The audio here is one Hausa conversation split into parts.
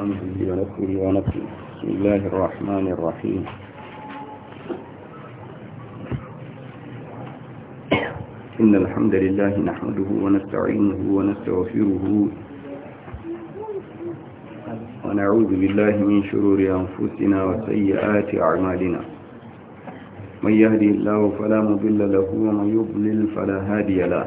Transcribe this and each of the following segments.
حمده ونفسه ونفسه بسم الله الرحمن الرحيم إن الحمد لله نحمده ونستعينه ونستغفره ونعوذ بالله من شرور أنفسنا وسيئات أعمالنا من يهدي الله فلا مضل له ومن يضلل فلا هادي له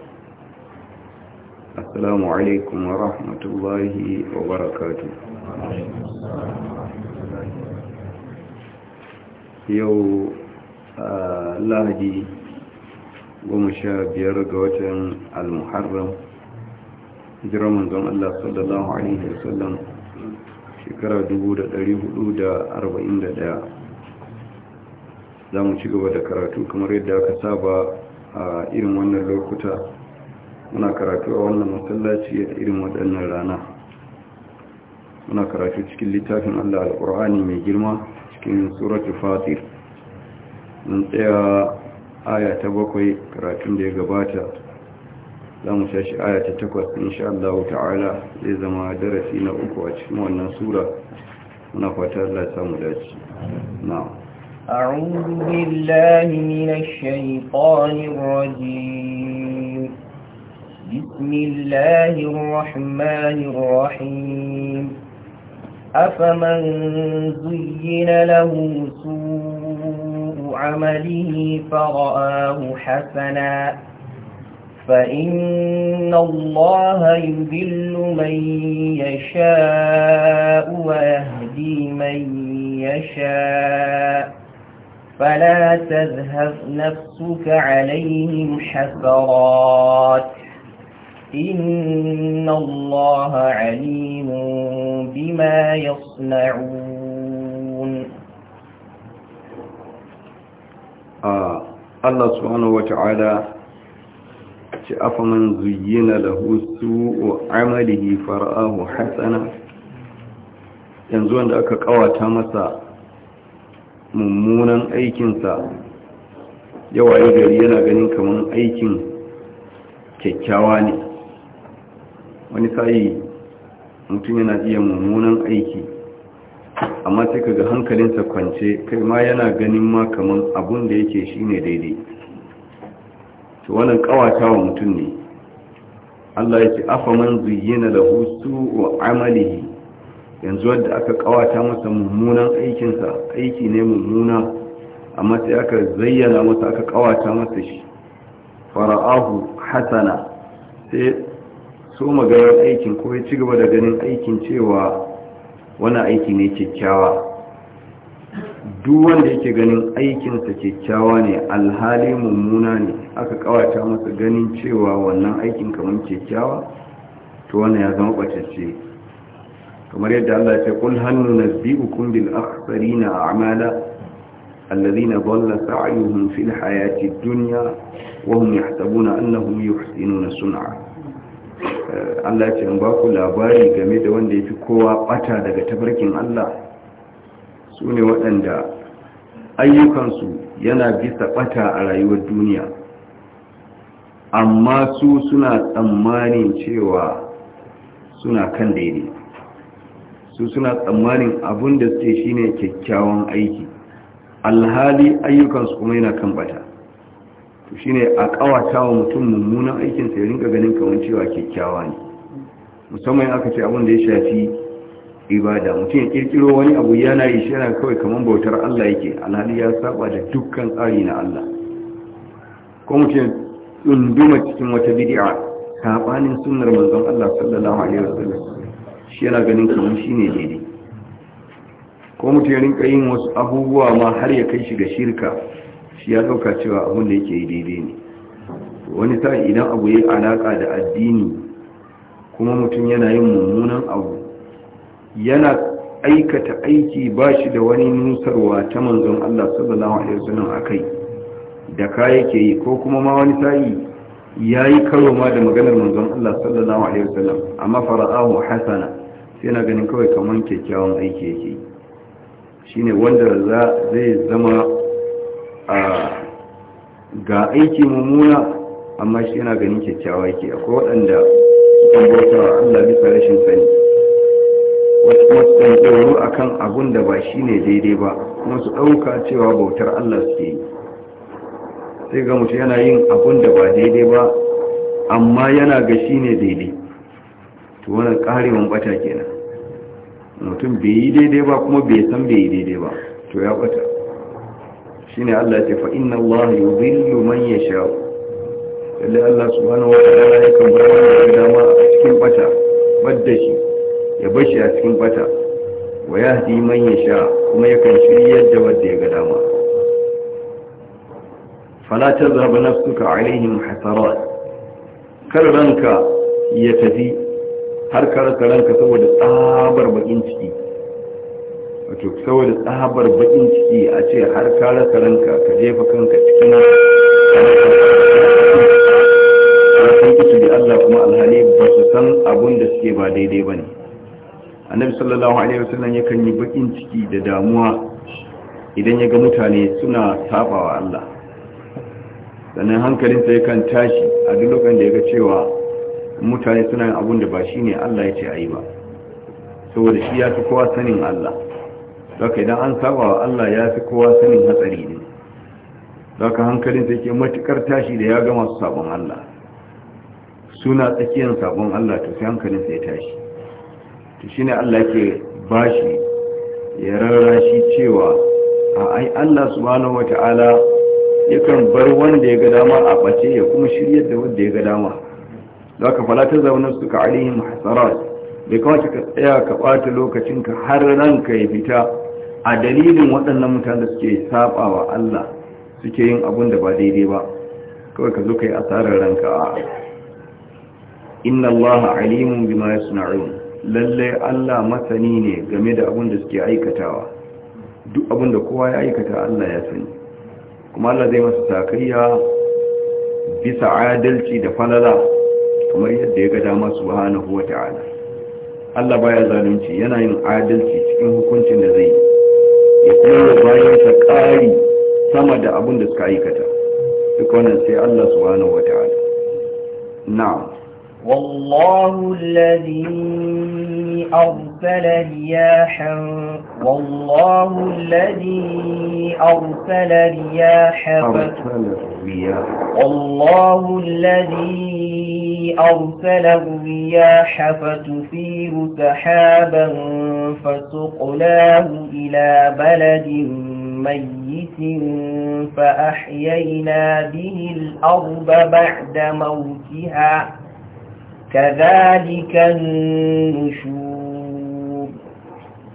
alaikum wa ورحمة wa barakatu. yau lahadi goma sha biyar ga watan al-muharram jiran manzon Allah sallallahu Alaihi wasallam shekara 1441 za mu ci gaba da karatu kamar yadda aka saba a irin wannan lokuta muna karatu a wannan masallaci a irin waɗannan rana muna karatu cikin littafin Allah al al-Qur'ani mai girma cikin suratul fatir mun tsaya aya ta bakwai karatun da ya gabata za mu shashi aya ta takwas insha Allah ta'ala zai zama darasi na uku a cikin wannan sura muna fata Allah ya samu dace na'am أعوذ بالله من الشيطان الرجيم بسم الله الرحمن الرحيم أفمن زين له سوء عمله فرآه حسنا فإن الله يذل من يشاء ويهدي من يشاء فلا تذهب نفسك عليهم حسرات إن الله عليم بما يصنعون آه. الله سبحانه وتعالى أفمن زين له سوء عمله فرآه حسنا yanzu wanda aka kawata masa mummunan aikinsa yawa gari yana ganin kamar aikin kyakkyawa ne wani sayi mutum yana iya mummunan aiki amma sai kaga hankalinsa kwance kai ma yana ganin ma kaman abun da yake shine daidai to wannan wa mutum ne Allah yake afa man zuyyina lahu su'u amalihi yanzu wanda aka kawata masa mummunan aikinsa aiki ne mummuna amma sai aka zayyana masa aka kawata masa shi fara'ahu hasana sai soma ganin aikin ko ya ci gaba da ganin aikin cewa wani aiki ne kyakkyawa duk wanda yake ganin aikinsa kyakkyawa ne alhali mummuna ne aka kawata masa ganin cewa wannan aikin kamar kyakkyawa to wanda ya zama ɓacacce kamar yadda Allah ce kul hannu na zi'ukun bil akhsari na amala allazina dalla sa'yuhum fil hayati dunya wa hum yahsabuna annahum yuhsinuna sun'a Allah ce in ba ku labari game da wanda ya fi kowa bata daga tafarkin Allah su ne waɗanda ayyukansu yana bisa bata a rayuwar duniya amma su suna tsammanin cewa suna kan daidai su suna tsammanin abin da suke shine kyakkyawan aiki alhali ayyukansu kuma yana kan bata to ne a kawata wa mutum mummunan aikinsa ya rinka ganin kawancewa cewa kyakkyawa ne musamman aka ce abin da ya shafi ibada mutum ya kirkiro wani abu yana yi shi yana kawai kamar bautar Allah yake alhali ya saba da dukkan tsari na Allah ko mutum tsunduma cikin wata bid'a sabanin sunnar manzon Allah sallallahu alaihi wasallam shi yana ganin kamar shine daidai ko mutum ya rinka yin wasu abubuwa ma har ya kai shi ga shirka shi ya dauka cewa abin da yake daidai ne wani sa'i idan abu ya alaka da addini kuma mutum yana yin mummunan abu yana aikata aiki ba shi da wani nusarwa ta manzon Allah sallallahu alaihi wasallam akai da ka yake yi ko kuma ma wani sa'i yayi karo ma da maganar manzon Allah sallallahu alaihi wasallam amma fara'ahu hasana sai na ganin kawai kaman kyakkyawan aiki yake shine wanda za zai zama a ga aiki mummuna amma shi yana ganin kyakkyawa yake akwai waɗanda sukan bauta wa Allah bisa rashin sani wasu kuma sukan tsoro akan abun da ba shine daidai ba kuma su ɗauka cewa bautar Allah suke yi sai ga mutum yana yin abun da ba daidai ba amma yana ga shine daidai to wannan karewan bata kenan mutum bai yi daidai ba kuma bai san bai yi daidai ba to ya bata shi ne Allah ya ce fa inna Allah yudhillu man yasha lalle Allah subhanahu wa ta'ala yakan bar wanda ya dama da shi ya bashi a cikin bata wa yahdi man sha kuma yakan shiryar da wanda ya ga dama fala zaba nafsuka alaihim hasarat kar ranka ya tafi har karasa ranka saboda tsabar bakin ciki wato saboda tsabar bakin ciki a ce har ranka ka jefa kanka cikin maza kuma alhali ba su san abun da suke ba daidai ba ne annabi sallallahu alaihi wasallam yakan yi bakin ciki da damuwa idan ya ga mutane suna sabawa Allah sannan hankalinsa yakan tashi a duk lokacin da ya ga cewa mutane suna yin abun da ba shine Allah ya ce ayi ba saboda shi ya fi kowa sanin Allah saka idan an saba Allah ya fi kowa sanin hatsari ne saka hankalinsa yake matukar tashi da ya ga masu sabon Allah suna tsakiyar sabon Allah ta hankalin hankalin sai tashi to shine Allah ke bashi ya rarra shi cewa a ai Allah subhanahu wataala yakan bar wanda ya ga dama a bace ya kuma shirya da wanda ya ga dama zaka fala ta zauna su ka alaihim hasarat bai kawace ka tsaya ka bata lokacin ka har ka ya fita a dalilin waɗannan mutanen da suke sabawa Allah suke yin abun da ba daidai ba kawai ka zo ka yi asarar ranka a inna allaha alimun bima yasna'un lalle Allah masani ne game da abin da suke aikatawa duk abin da kowa ya aikata Allah ya sani kuma Allah zai masa takayya bisa adalci da falala kamar yadda ya ga dama subhanahu wata'ala Allah baya zalunci yana yin adalci cikin hukuncin da zai ya kuma bayan sa ƙari sama da abin da suka aikata duk wannan sai Allah subhanahu wata'ala na'am والله الذي أرسل رياحا والله الذي أرسل رياحا والله الذي أرسل رياحا فتثير سحابا فسقناه إلى بلد ميت فأحيينا به الأرض بعد موتها كذلك النشور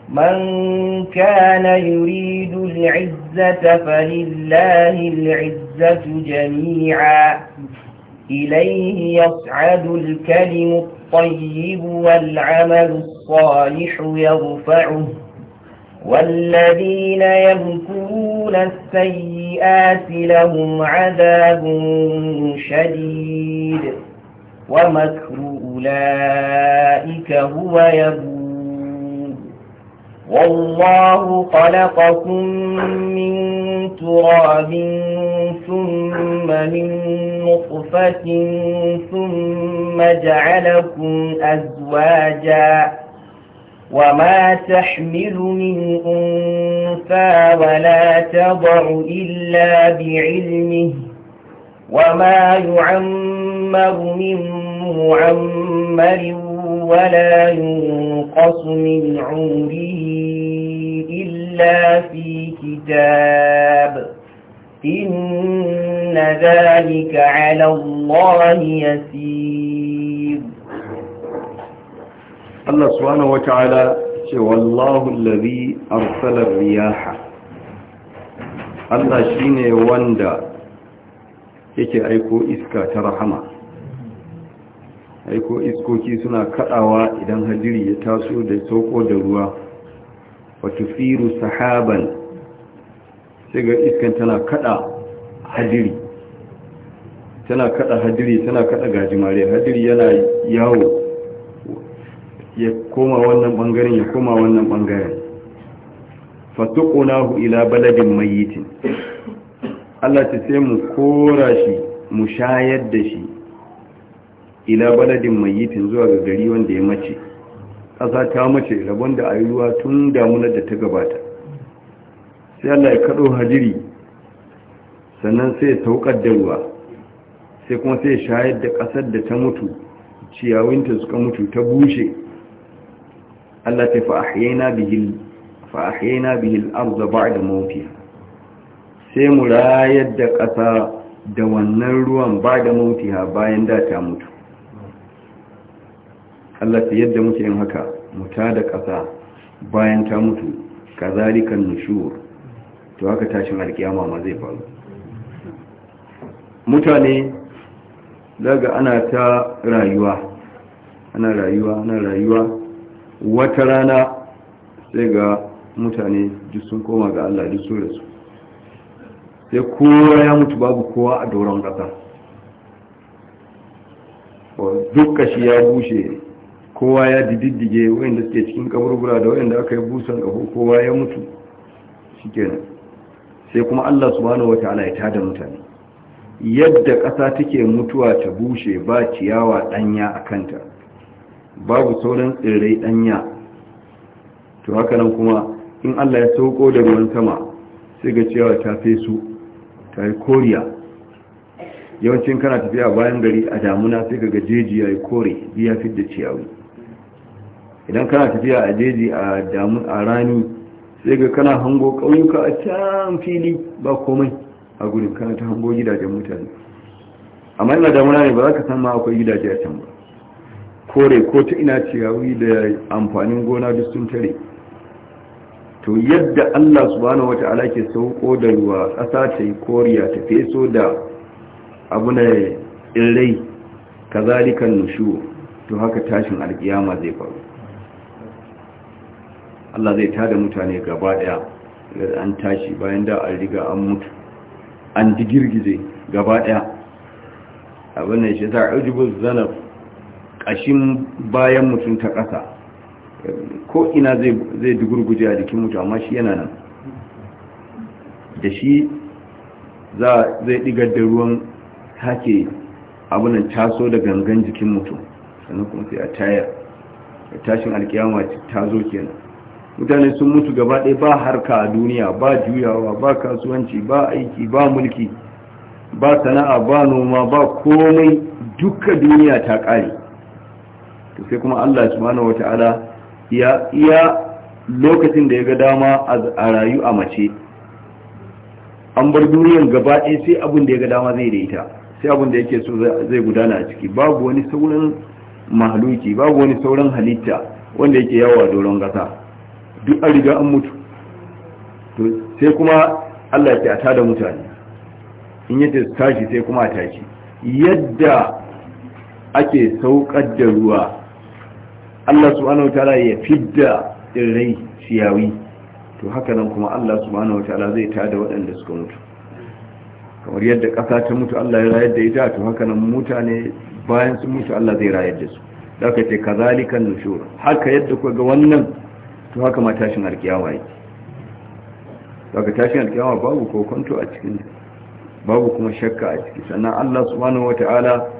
من كان يريد العزة فلله العزة جميعا إليه يصعد الكلم الطيب والعمل الصالح يرفعه والذين يمكرون السيئات لهم عذاب شديد ومكر أولئك هو يبور والله خلقكم من تراب ثم من نطفة ثم جعلكم أزواجا وما تحمل من أنثى ولا تضع إلا بعلمه وما يعمر من معمر ولا ينقص من عمره إلا في كتاب إن ذلك على الله يسير الله سبحانه وتعالى والله الذي أرسل الرياح الله شيني وندا yake aiko iska ta rahama aiko iskoki suna kadawa idan hadiri ya taso da sauko da ruwa wa firu sahaban sai ga iskan tana kada hadiri tana kada hadiri tana kada gajimare hadiri yana yawo ya koma wannan bangaren ya koma wannan bangaren fatuqunahu ila baladin mayyitin Allah ta sai mu kora shi mu shayar da shi ila baladin mayitin zuwa ga gari wanda ya mace ƙasa ta mace rabon da ayi tun damunar da ta gabata sai Allah ya kaɗo hajiri sannan sai ya taukar da ruwa sai kuma sai ya shayar da ƙasar da ta mutu ciyawinta suka mutu ta bushe Allah ta fa'ahiyana bihil bihil arda ba'da mawafiya. sai mu rayar da ƙasa da wannan ruwan ba da ha bayan da ta mutu Allah ta yadda muke yin haka muta da ƙasa bayan ta mutu ka zarikan nushur to haka tashin alkiyama ma zai faru mutane daga ana ta rayuwa ana rayuwa ana rayuwa wata rana sai ga mutane duk sun koma ga Allah duk su da sai kowa ya mutu babu kowa a doron ƙasa duk kashi ya bushe kowa ya dididdige wayanda suke cikin kaburbura da wayanda aka yi busan ƙaho kowa ya mutu shikenan sai kuma Allah subhanahu wataala ya tada mutane yadda ƙasa take mutuwa ta bushe ba ciyawa ɗanya a kanta babu sauran tsirrai ɗanya to haka nan kuma in Allah ya sauko da ruwan sama sai ga ciyawa ta fesu ta yi koriya yawancin kana tafiya bayan gari a damuna sai ga jeji ya yi kore biya fit da ciyawi idan kana tafiya a jeji a rani sai ga kana hango ƙauyuka a can fili ba komai a gudun kana ta hango gidajen mutane amma ina damuna ne ba za ka san ma akwai gidaje a can ba kore ko ta ina ciyawi da amfanin gona duk sun tare to yadda Allah subhanahu wata'ala ke sauko da ruwa ƙasa ta yi koriya ta feso da abu na tsirrai kazalikan nushu to haka tashin alkiyama zai faru Allah zai tada mutane gaba daya da an tashi bayan da an riga an mutu an digirgize gaba daya abin da shi ta ajibus zanab ƙashin bayan mutum ta ƙasa ko ina zai dugurguje a jikin mutu amma shi yana nan da shi za zai digar da ruwan take abunan taso da gangan jikin mutum sannan kuma sai a taya da tashin alkiyama ta zo kenan mutane sun mutu gaba ɗaya ba harka a duniya ba juyawa ba kasuwanci ba aiki ba mulki ba sana'a ba noma ba komai duka duniya ta ƙare to sai kuma Allah subhanahu wata'ala ya iya lokacin da ya ga dama a rayu a mace an bar duniyar gaba ɗaya sai abin da ya ga dama zai ita, sai abin da yake so zai gudana a ciki babu wani sauran mahaluki babu wani sauran halitta wanda yake yawa doron gasa duk an riga an mutu sai kuma Allah ya ce a tada mutane in yace tashi sai kuma a tashi yadda ake saukar da ruwa Allah subhanahu wataala ya fidda tsirrai ciyawi to haka nan kuma Allah subhanahu wataala zai tada waɗanda suka mutu kamar yadda ƙasa ta mutu Allah ya rayar da ita to haka nan mutane bayan sun mutu Allah zai rayar da su da aka ce kazalikan nushur haka yadda ku ga wannan to haka ma tashin alkiyama yake daga tashin alkiyama babu kokonto a cikin babu kuma shakka a ciki sannan Allah subhanahu wataala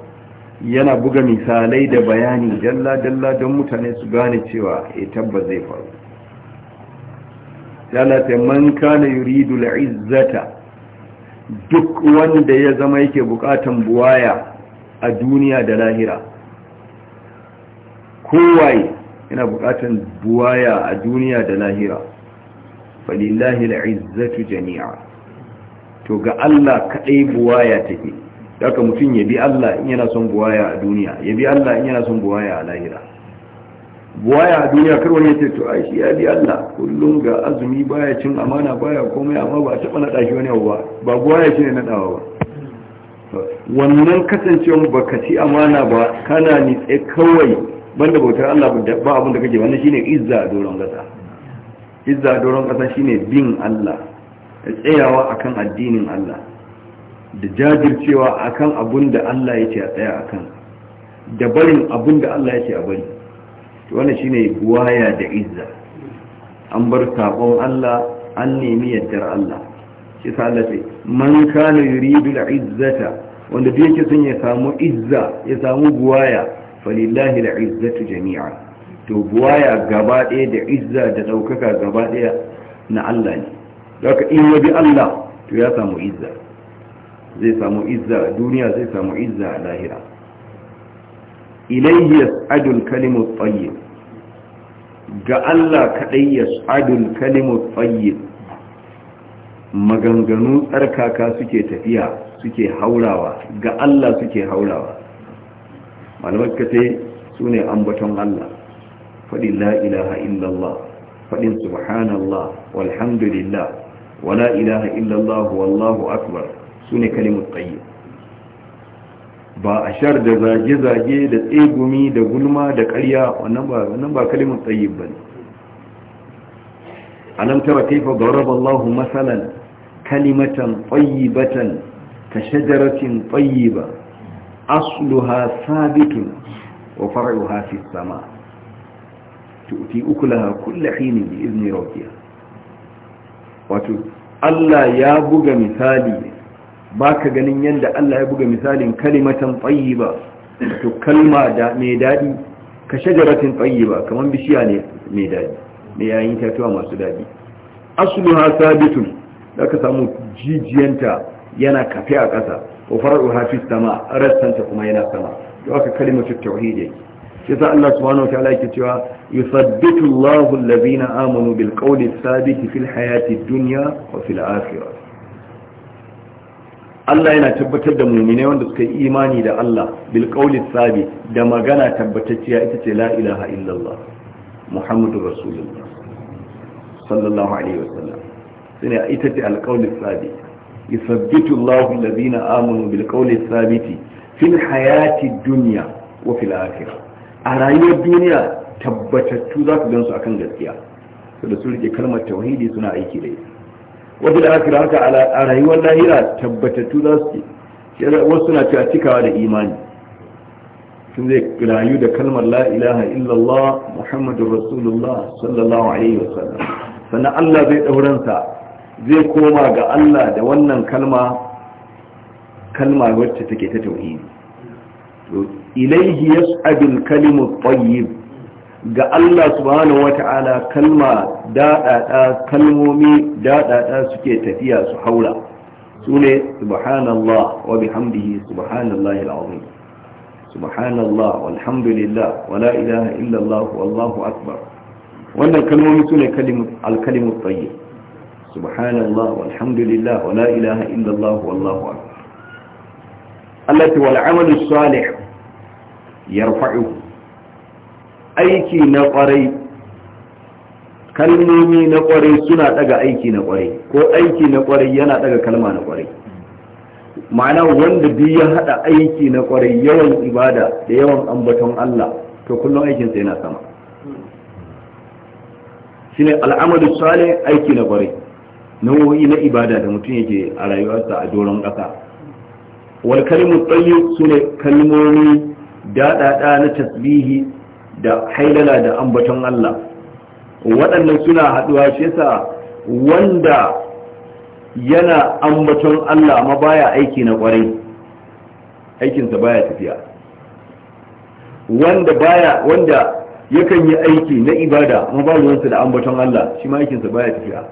yana buga misalai da bayani dalla-dalla don mutane su gane cewa ya eh, tabbas zai faru lalata man kana yuridu la'izzata duk wanda ya zama yake bukatan buwaya a duniya da lahira kowai yana bukatan buwaya a duniya da lahira falillahi la'izzatu jami'a to ga Allah kaɗai buwaya take daga mutum ya bi Allah in yana son buwaya a duniya ya bi Allah in yana son buwaya a lahira buwaya a duniya kar wani ce to ai shi ya bi Allah kullum ga azumi baya cin amana baya komai amma ba a taba nada shi wani ba ba buwaya shine nadawa ba wannan kasancewa baka ci amana ba kana ni tsaye kawai banda bautar Allah ba abin da kake wannan shine izza a doron kasa izza a doron kasa shine bin Allah tsayawa akan addinin Allah da jajircewa akan abun da Allah ya ce a tsaya akan da barin abun da Allah ya ce a bari wannan shine buwaya da izza an bar sabon Allah an nemi yaddar Allah shi sa Allah ce man kana yuridu al-izzata wanda duk yake son ya samu izza ya samu buwaya falillahi al-izzatu jami'a to buwaya gaba ɗaya da izza da daukaka gaba ɗaya na Allah ne daga in yabi Allah to ya samu izza zai samu izza a duniya zai samu izza a lahira ilayhi yas'adul kalimu tayyib ga Allah kadai yas'adul kalimu tayyib maganganu tsarkaka suke tafiya suke haurawa ga Allah suke haurawa malamai su sune ambaton Allah fadi la ilaha illallah fadin subhanallah walhamdulillah wala ilaha illallah wallahu akbar su ne kalimut tsayi ba a shar da zage-zage da tsegumi da gulma da karya wannan ba kalimut tsayi ba ne alam tara kaifa daraba Allah masalan kalimatan tayyibatan ka shajaratin ba asluha sabitun wa far'uha fi sama tu'ti ukulaha kullu hinin bi izni rabbiha wato Allah ya buga misali baka ganin yadda Allah ya buga misalin kalimatan tayyiba to kalma da mai daɗi? ka shajaratin tayyiba kamar bishiya ne mai daɗi mai yayin tatuwa masu dadi asluha sabitun zaka samu jijiyanta yana kafe a ƙasa farar fara'uha fi sama rassanta kuma yana sama to aka kalimatu tauhid yake yasa Allah subhanahu wa ta'ala yake cewa yuthabbitu Allahu allazina amanu bil qawli Sabiti fil hayati dunya wa fil akhirah Allah yana tabbatar da muminai wanda suka yi imani da Allah bil qawli sabi da magana tabbatacciya ita ce la ilaha illallah muhammadur rasulullah sallallahu alaihi wasallam sai ita ce al qawli sabi yusabbitu Allahu alladhina amanu bil qawli sabiti fil hayati dunya wa fil akhirah a rayuwar duniya tabbatattu za su gansu akan gaskiya saboda su rike kalmar tauhidi suna aiki da ita wajen da aka haka a rayuwar lahira tabbatattu za su ce wasu na cewa cikawa da imani sun zai rayu da kalmar la'ilaha ilaha illallah muhammadu rasulullah sallallahu alaihi wasallam sannan allah zai ɗauransa zai koma ga allah da wannan kalma kalma wacce take ta tauhidi ilaihi yas'adul kalimu tayyib ga Allah subhanahu wata'ala kalma daɗaɗa kalmomi daɗaɗa suke tafiya su haura su ne subhanallah wa bihamdihi subhanallahi al'azim subhanallah walhamdulillah wa la ilaha illallah wallahu akbar wannan kalmomi su ne alkalimu tsaye subhanallah walhamdulillah wa la ilaha illallah wallahu akbar Allah ta wal'amalu salih yarfa'uhu aiki na kwarai kalmomi na kwarai suna daga aiki na kwarai ko aiki na kwarai yana daga kalma na kwarai ma'ana wanda duk ya hada aiki na kwarai yawan ibada da yawan ambaton Allah to kullum aikin sa yana sama shine al'amalu salih aiki na kwarai nau'o'i na ibada da mutum yake a rayuwarsa a doron ƙasa wal kalimu tayyib sune kalmomi daɗaɗa na tasbihi da hailala da ambaton Allah waɗannan suna haɗuwa shi yasa wanda yana ambaton Allah ma baya aiki na ƙwarai aikinsa baya tafiya wanda baya wanda yakan yi aiki na ibada ma ba ruwansa da ambaton Allah shi ma aikinsa baya tafiya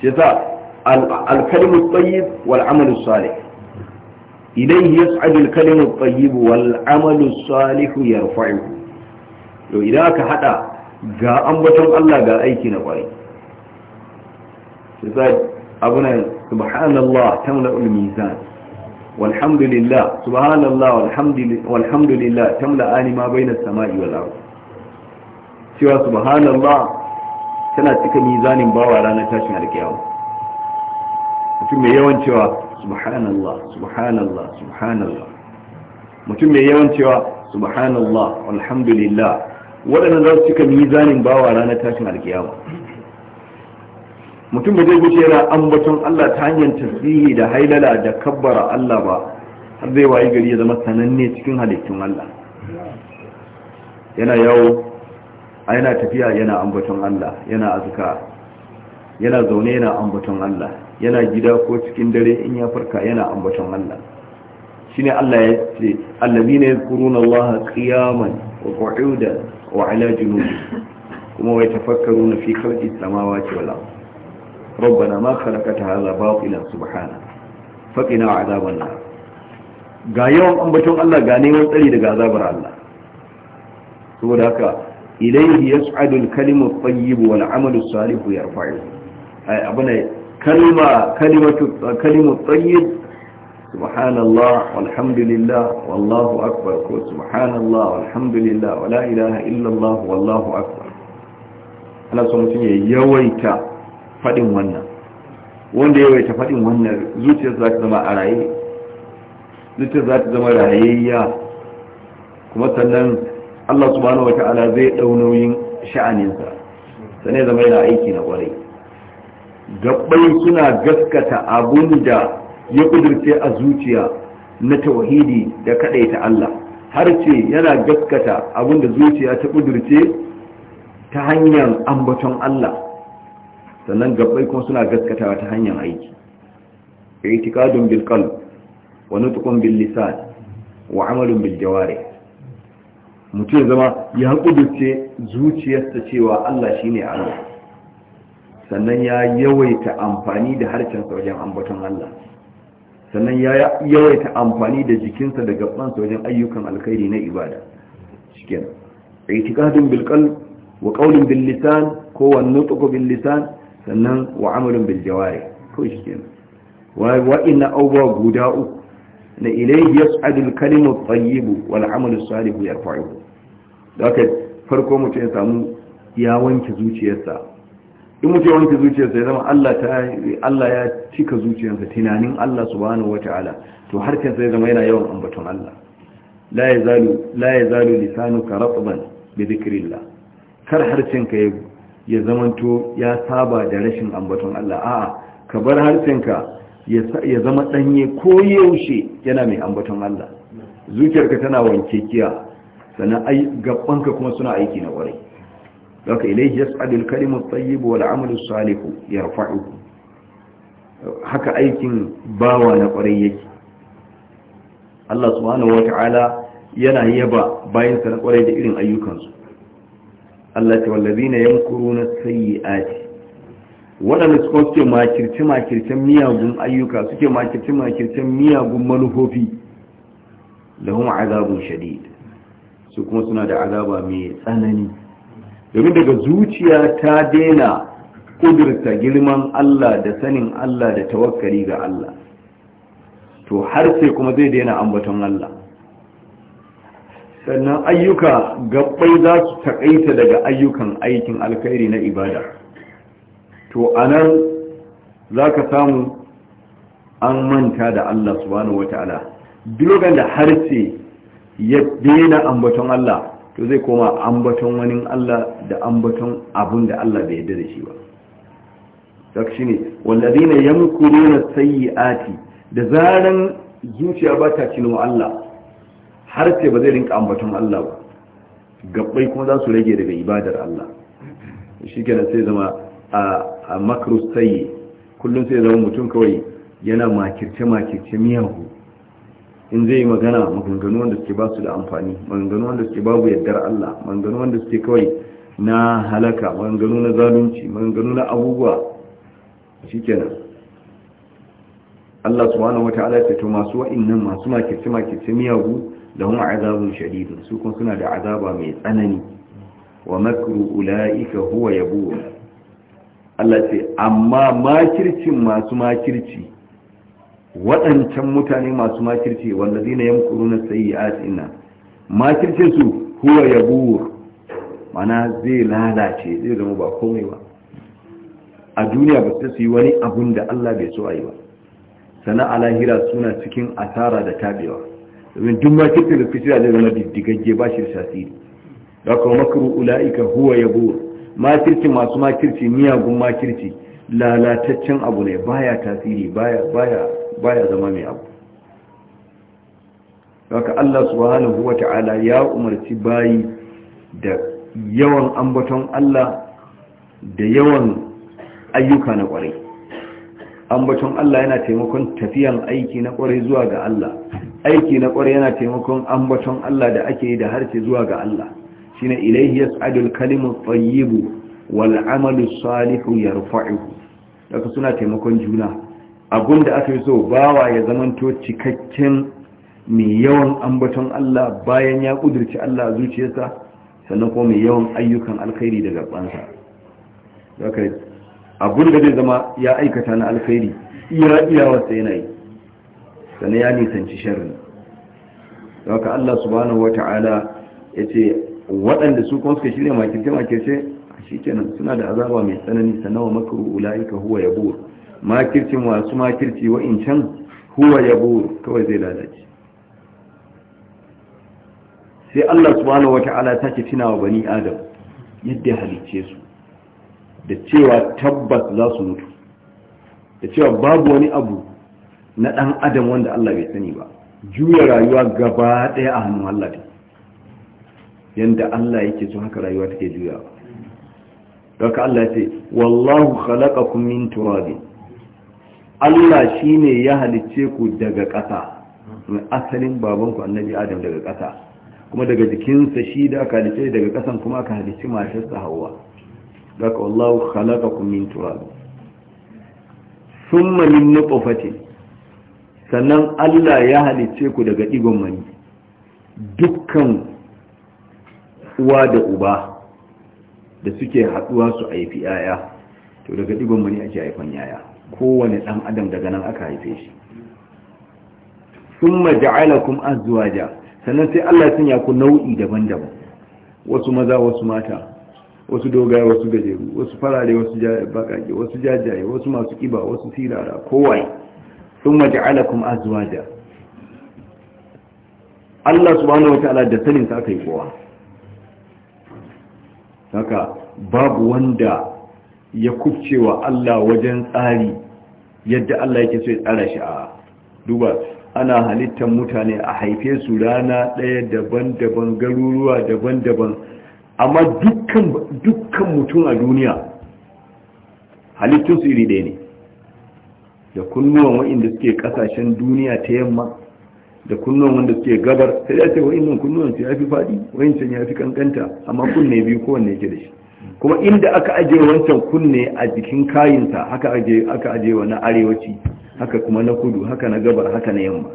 shi yasa al-kalimu tayyib wal amalu salih ilayhi yas'adu al-kalimu tayyib wal amalu salih yarfa'uhu to idan aka hada ga ambaton Allah ga aiki na kwari sai abuna subhanallah tamla ul mizan walhamdulillah subhanallah walhamdulillah tamla ani ma bayna samai wal cewa subhanallah tana cika mizanin bawa ranar tashin alkiyawa mutum mai yawan cewa subhanallah subhanallah subhanallah mutum mai yawan cewa subhanallah alhamdulillah waɗannan za su cika mizanin bawa ranar tashin alkiyama mutum da zai guce yana ambaton Allah ta hanyar tasbihi da hailala da kabbara Allah ba har zai wayi gari ya zama sananne cikin halittun Allah yana yawo a yana tafiya yana ambaton Allah yana azuka yana zaune yana ambaton Allah yana gida ko cikin dare in ya farka yana ambaton Allah shine Allah ya ce allazina yakuruna Allah qiyaman wa qu'udan wa وعلى wa كما fi في خلق السماوات والأرض rabbana ma خلقت هذا باطلا سبحانك faƙina a azaban nar ga yawan ambaton Allah ga neman tsari daga azabar Allah saboda haka ilayhi yas'adu al-kalimu at-tayyib wal 'amalu as-salihu yarfa'u ay abuna kalima kalimatu kalimu at-tayyib سبحان الله والحمد لله والله أكبر سبحان الله والحمد لله ولا إله إلا الله والله أكبر أنا سمتني يويت فدن ونا وند يويت فدن ونا زوتي ذات زما أرأي زوتي ذات زما رأيي كما سنن الله سبحانه وتعالى زي دونوين ينسى سنة زما yana aiki gabbai suna gaskata abun da ya kudurce a zuciya na tauhidi da kadaita Allah har ce yana gaskata abinda zuciya ta kudurce ta hanyar ambaton Allah sannan gabbai kuma suna gaskatawa ta hanyar aiki itikadun bil qalb wa nutqun bil lisan wa 'amalun bil jawari mutum zama ya kudurce zuciyarsa cewa Allah shine Allah sannan ya yawaita amfani da harshen wajen ambaton Allah sannan ya yawaita amfani da jikinsa da gabansa wajen ayyukan alkhairi na ibada shikenan i'tiqadun bil qalb wa qawlun bil lisan ko wa nutqu bil lisan sannan wa amalun bil jawari ko shikenan wa wa inna awwa guda uku na ilayhi yas'adu al kalimu at-tayyib wal amalu salih yarfa'uhu haka farko mutum ya samu ya wanke zuciyarsa in mutum wanke zuciyarsa ya zama Allah ya cika zuciyarsa tunanin Allah subhanahu wataala to harkarsa ya zama yana yawan ambaton Allah la yazalu la yazalu lisanuka ratban bi kar harcinka ya ya zamanto ya saba da rashin ambaton Allah a ka bar harcinka ya zama danye koyaushe yana mai ambaton Allah zuciyarka tana wanke sannan ai gabanka kuma suna aiki na kwarai daga ilaihi yas'alul kalimu tayyib wal amalu salihu yarfa'uhu haka aikin bawa na kwarai yake Allah subhanahu wata'ala yana yaba bayansa na kwarai da irin ayyukansu Allah ta wallazina yamkuruna sayyi'ati suka suke makirce-makircen miyagun ayyuka suke makirce-makircen miyagun manufofi da kuma azabun shadid su kuma suna da azaba mai tsanani domin daga zuciya ta daina kudurta girman Allah da sanin Allah da tawakkali ga Allah to har sai kuma zai daina ambaton Allah sannan ayyuka gabbai za su takaita daga ayyukan aikin alkhairi na ibada to anan za ka samu an manta da Allah subhanahu wa ta'ala duk da sai ya daina ambaton Allah to zai koma ambaton wani Allah da ambaton abun da Allah bai yarda da shi ba shi ne wallazina yamkuruna sayyiati da zaran zuciya ba ta cinu Allah har sai ba zai rinka ambaton Allah ba gabbai kuma za su rage daga ibadar Allah shikenan sai zama a makru sayyi kullun sai zama mutum kawai yana makirce makirce miyahu in zai magana maganganu wanda suke ba su da amfani maganganu wanda suke babu yaddar Allah maganganu wanda suke kawai na halaka maganganu na zalunci maganganu na abubuwa shikenan Allah subhanahu wata'ala ya ce masu wa'annan masu makirce makirce miyagu da hum azabun shadid su kun suna da azaba mai tsanani wa makru ulaika huwa yabu Allah ce amma makircin masu makirci waɗancan mutane masu makirci wanda zina ya mukuru na sayi asina makirce su huwa ya buwur mana zai lalace zai zama ba komai ba a duniya ba su yi wani abun da allah bai so a yi ba sana a lahira suna cikin asara da tabewa domin duk makirce da fitila zai zama diddigagge ba shi da tasiri da kuma makaru ula'ika huwa ya buwur makirci masu makirci miyagun makirci lalataccen abu ne baya tasiri baya baya baya zama mai abu haka Allah subhanahu wata'ala ya umarci bayi da yawan ambaton Allah da yawan ayyuka na kwarai ambaton Allah yana taimakon tafiyan aiki na kwarai zuwa ga Allah aiki na kwarai yana taimakon ambaton Allah da ake yi da harshe zuwa ga Allah shine ilayhi yas'adul kalimu tayyibu wal amalu salihu yarfa'uhu daga suna taimakon juna abun da aka yi so bawa ya zamanto cikakken mai yawan ambaton Allah bayan ya kudurci Allah a zuciyarsa sannan kuma mai yawan ayyukan alkhairi daga bansa abun da zai zama ya aikata na alkhairi iya iyawarsa yana yi sannan ya nisanci sharri haka Allah subhanahu wata'ala ya ce waɗanda su kuma suka shirya makirce makirce shi kenan suna da azaba mai tsanani sanawa makaru ula'ika huwa yabur makircin wasu makirci wa'incan huwa yabo kawai zai lalace sai Allah subhanahu wata'ala ta ce tunawa bani adam yadda halice su da cewa tabbas za su mutu da cewa babu wani abu na dan adam wanda Allah bai sani ba juya rayuwa gaba daya a hannun Allah ne yanda Allah yake so haka rayuwa take juyawa daga Allah ya ce wallahu khalaqakum min turabin Allah shi ne ya halicce ku daga ƙasa asalin babanku annabi adam daga ƙasa kuma daga jikinsa shi da aka halicce daga ƙasan kuma aka halicci matarsa hawa daga wallahu khalaqakum min turab thumma min nutfatin sannan Allah ya halicce ku daga digon mani dukkan uwa da uba da suke haɗuwa su haifi yaya to daga digon mani ake haifan yaya kowane dan adam daga nan aka haife shi thumma ja'alakum azwaja sannan sai Allah ya sanya ku nau'i daban-daban wasu maza wasu mata wasu dogaye wasu gajeru wasu farare wasu bakake wasu jajaye wasu masu kiba wasu sirara kowaye thumma ja'alakum azwaja Allah subhanahu wataala da sanin sa aka yi kowa haka babu wanda ya wa Allah wajen tsari yadda Allah yake so ya tsara shi a duba ana halittar mutane a haife su rana ɗaya daban-daban garuruwa daban-daban amma dukkan mutum a duniya halittunsu iri ɗaya ne da kunnuwan wa'inda suke ƙasashen duniya ta yamma da kunnuwan wanda suke gabar sai ya ce nan kunnuwan su ya fi faɗi wa'incan ya fi kankanta amma kunne biyu kowanne yake da shi kuma inda aka aje wancan kunne a jikin kayinta haka aje aka aje wa na arewaci haka kuma na kudu haka na gabar haka na yamma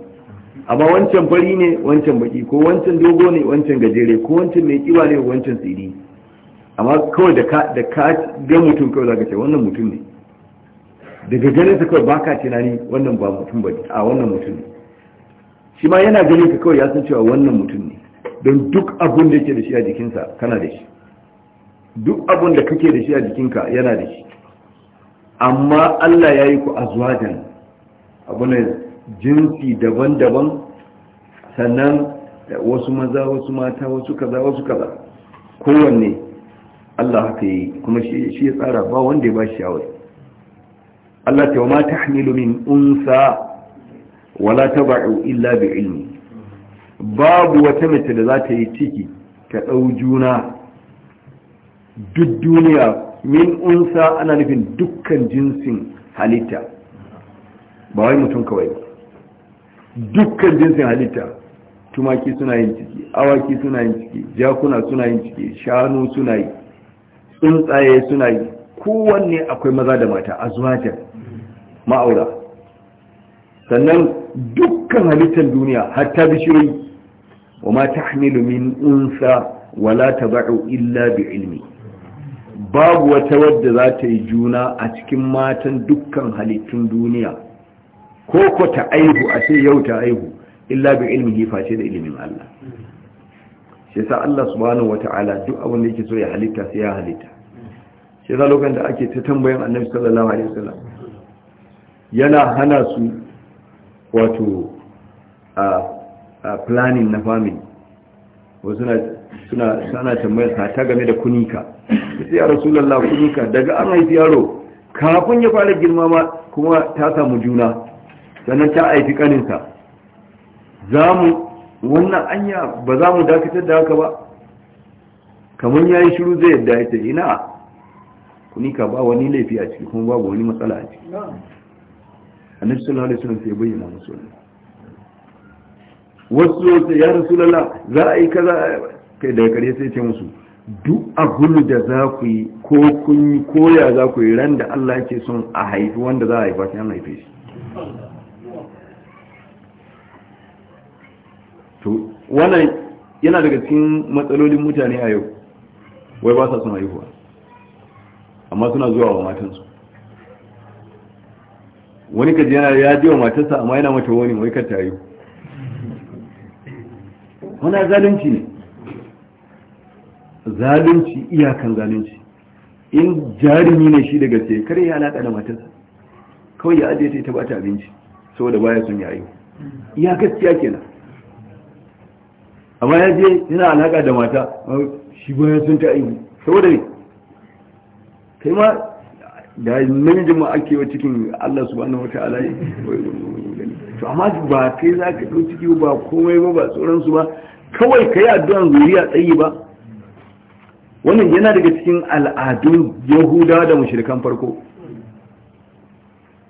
amma wancan fari ne wancan baki ko wancan dogo ne wancan gajere ko wancan mai kiwa ne wancan tsiri amma kawai da ka da ka ga mutum kawai zaka ce wannan mutum ne daga ganin ta kawai baka tunani wannan ba mutum ba a wannan mutum ne shi ma yana ganin ka kawai ya san cewa wannan mutum ne don duk abun da yake da shi a jikinsa kana da shi duk abun da kake da shi a jikinka yana da shi amma Allah ya yi ku azwajan abu ne jinsi daban-daban sannan wasu maza wasu mata wasu kaza wasu kaza kowanne Allah haka yi kuma shi ya tsara ba wanda ya ba shi shawai Allah ta wa ma ta hamilu min unsa wala ta ba'u illa bi ilmi babu wata mace da za ta yi ciki ta ɗau juna duk duniya min unsa ana nufin dukkan jinsin halitta ba wai mutum kawai dukkan jinsin halitta tumaki suna yin ciki awaki suna yin ciki jakuna suna yin ciki shanu suna yi tsuntsaye suna yi kowanne akwai maza da mata a zuwajen ma'aura sannan dukkan halittar duniya hatta bishiyoyi wa ma ta min unsa wala ta illa bi ilmi babu wata wadda za ta yi juna a cikin matan dukkan halittun duniya ko ko ta aihu a ce yau ta aihu illa bi ilmin face da ilimin Allah shi yasa Allah subhanahu wata'ala duk abin da yake so ya halitta sai ya halitta shi yasa lokacin da ake ta tambayan Annabi sallallahu alaihi wasallam yana hana su wato a planning na family wasu suna suna tambayar ta game da kunika sai ya rasulullah ka daga an haifi yaro kafin ya fara girma ma kuma ta samu juna sannan ta haifi kaninsa za mu wannan anya ba za mu dakatar da haka ba kamar ya yi shiru zai yadda ya ce ina kuni ka ba wani laifi a ciki kuma babu wani matsala a ciki annabi sallallahu alaihi suna sai bayyana musu wani wasu ya rasu rasulullah za a yi kaza kai daga kare sai ce musu duk abin da za ku yi ko kun yi koya za ku yi ran da Allah ke son a haifi wanda za a haifa sai an haife shi to wannan yana daga cikin matsalolin mutane a yau wai ba sa son haihuwa amma suna zuwa wa matansu wani kaji yana ya ji wa matarsa amma yana mata wani wai kar ta yi wani zalunci ne zalunci iyakan zalunci in jarumi ne shi daga ce kare ya alaƙa da matarsa kawai ya ajiye ta ita bata abinci saboda baya sun yayi ya gaskiya kenan amma ya je yana alaƙa da mata shi baya sun ta aihu saboda ne kai ma da namijin ma ake wa cikin Allah subhanahu wata'ala to amma ba kai za ka ɗau ciki ba komai ba ba tsoron su ba kawai ka yi addu'an zuriya tsayi ba wannan yana daga cikin al'adun yahudawa da mushirikan farko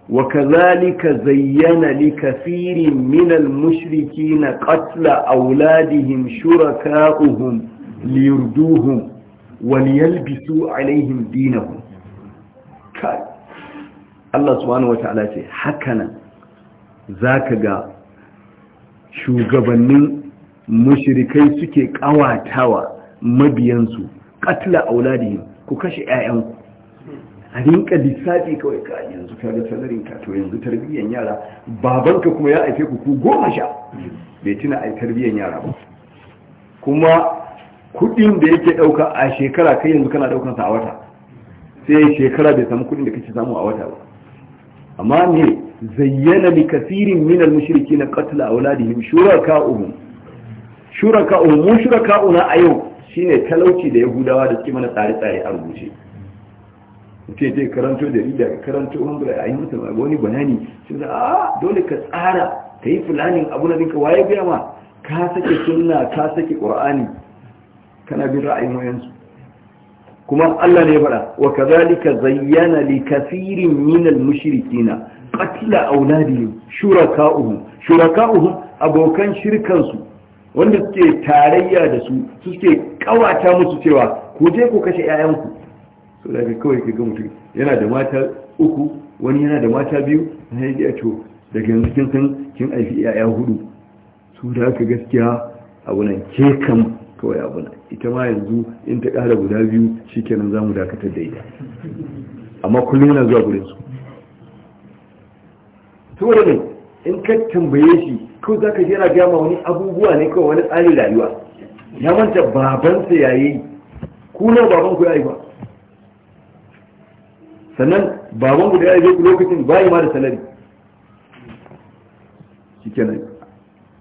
wa kazalika zayyana li kathirin min al na qatla awladihim shuraka'uhum liyurduhum wa liyalbisu alaihim dinahum Allah subhanahu Ta'ala ce hakanan zaka ga shugabannin mushrikai suke kawatawa mabiyansu katla auladihim ku kashe ƴaƴanku a rinka lissafi kawai ka yanzu ka ga sanarin ka to yanzu tarbiyyar yara babanka kuma ya aife ku ku goma sha bai tuna a tarbiyyar yara ba kuma kudin da yake dauka a shekara kai yanzu kana daukan sa a wata sai shekara bai samu kudin da kake samu a wata ba amma ne zayyana li kasirin min al mushrikin qatl auladihim shuraka'uhum shuraka'uhum mu shuraka'una a yau ne talauci da yahudawa da suke mana tsare-tsare a rubuce mutum ce karanto da rida ka karanto wanda a yi mutum wani bayani sun za a dole ka tsara ka yi fulanin abu na dinka waye biya ma ka sake sunna ka sake ƙur'ani kana bin ra'ayin wayansu kuma Allah ne faɗa wa ka zayyana li kathirin min al mushrikina qatla awladihim shuraka'uhum shuraka'uhum abokan shirkansu wanda suke tarayya da su suke kawata musu cewa ku je ku kashe 'ya'yanku so da kawai kai ga mutum yana da mata uku wani yana da mata biyu na yi a to daga yanzu kin san kin aifi 'ya'ya hudu su da haka gaskiya abu nan ke kan kawai abu nan ita ma yanzu in ta ƙara guda biyu shikenan za mu dakatar da ita amma kullum yana zuwa gurin su to ne in ka tambaye shi ko za ka jera gaya ma wani abubuwa ne kawai wani tsarin rayuwa ya manta babansa ya yi kuna baban ku ya yi ba sannan baban ku da ya yi ku lokacin bayi ma da salari shi kenan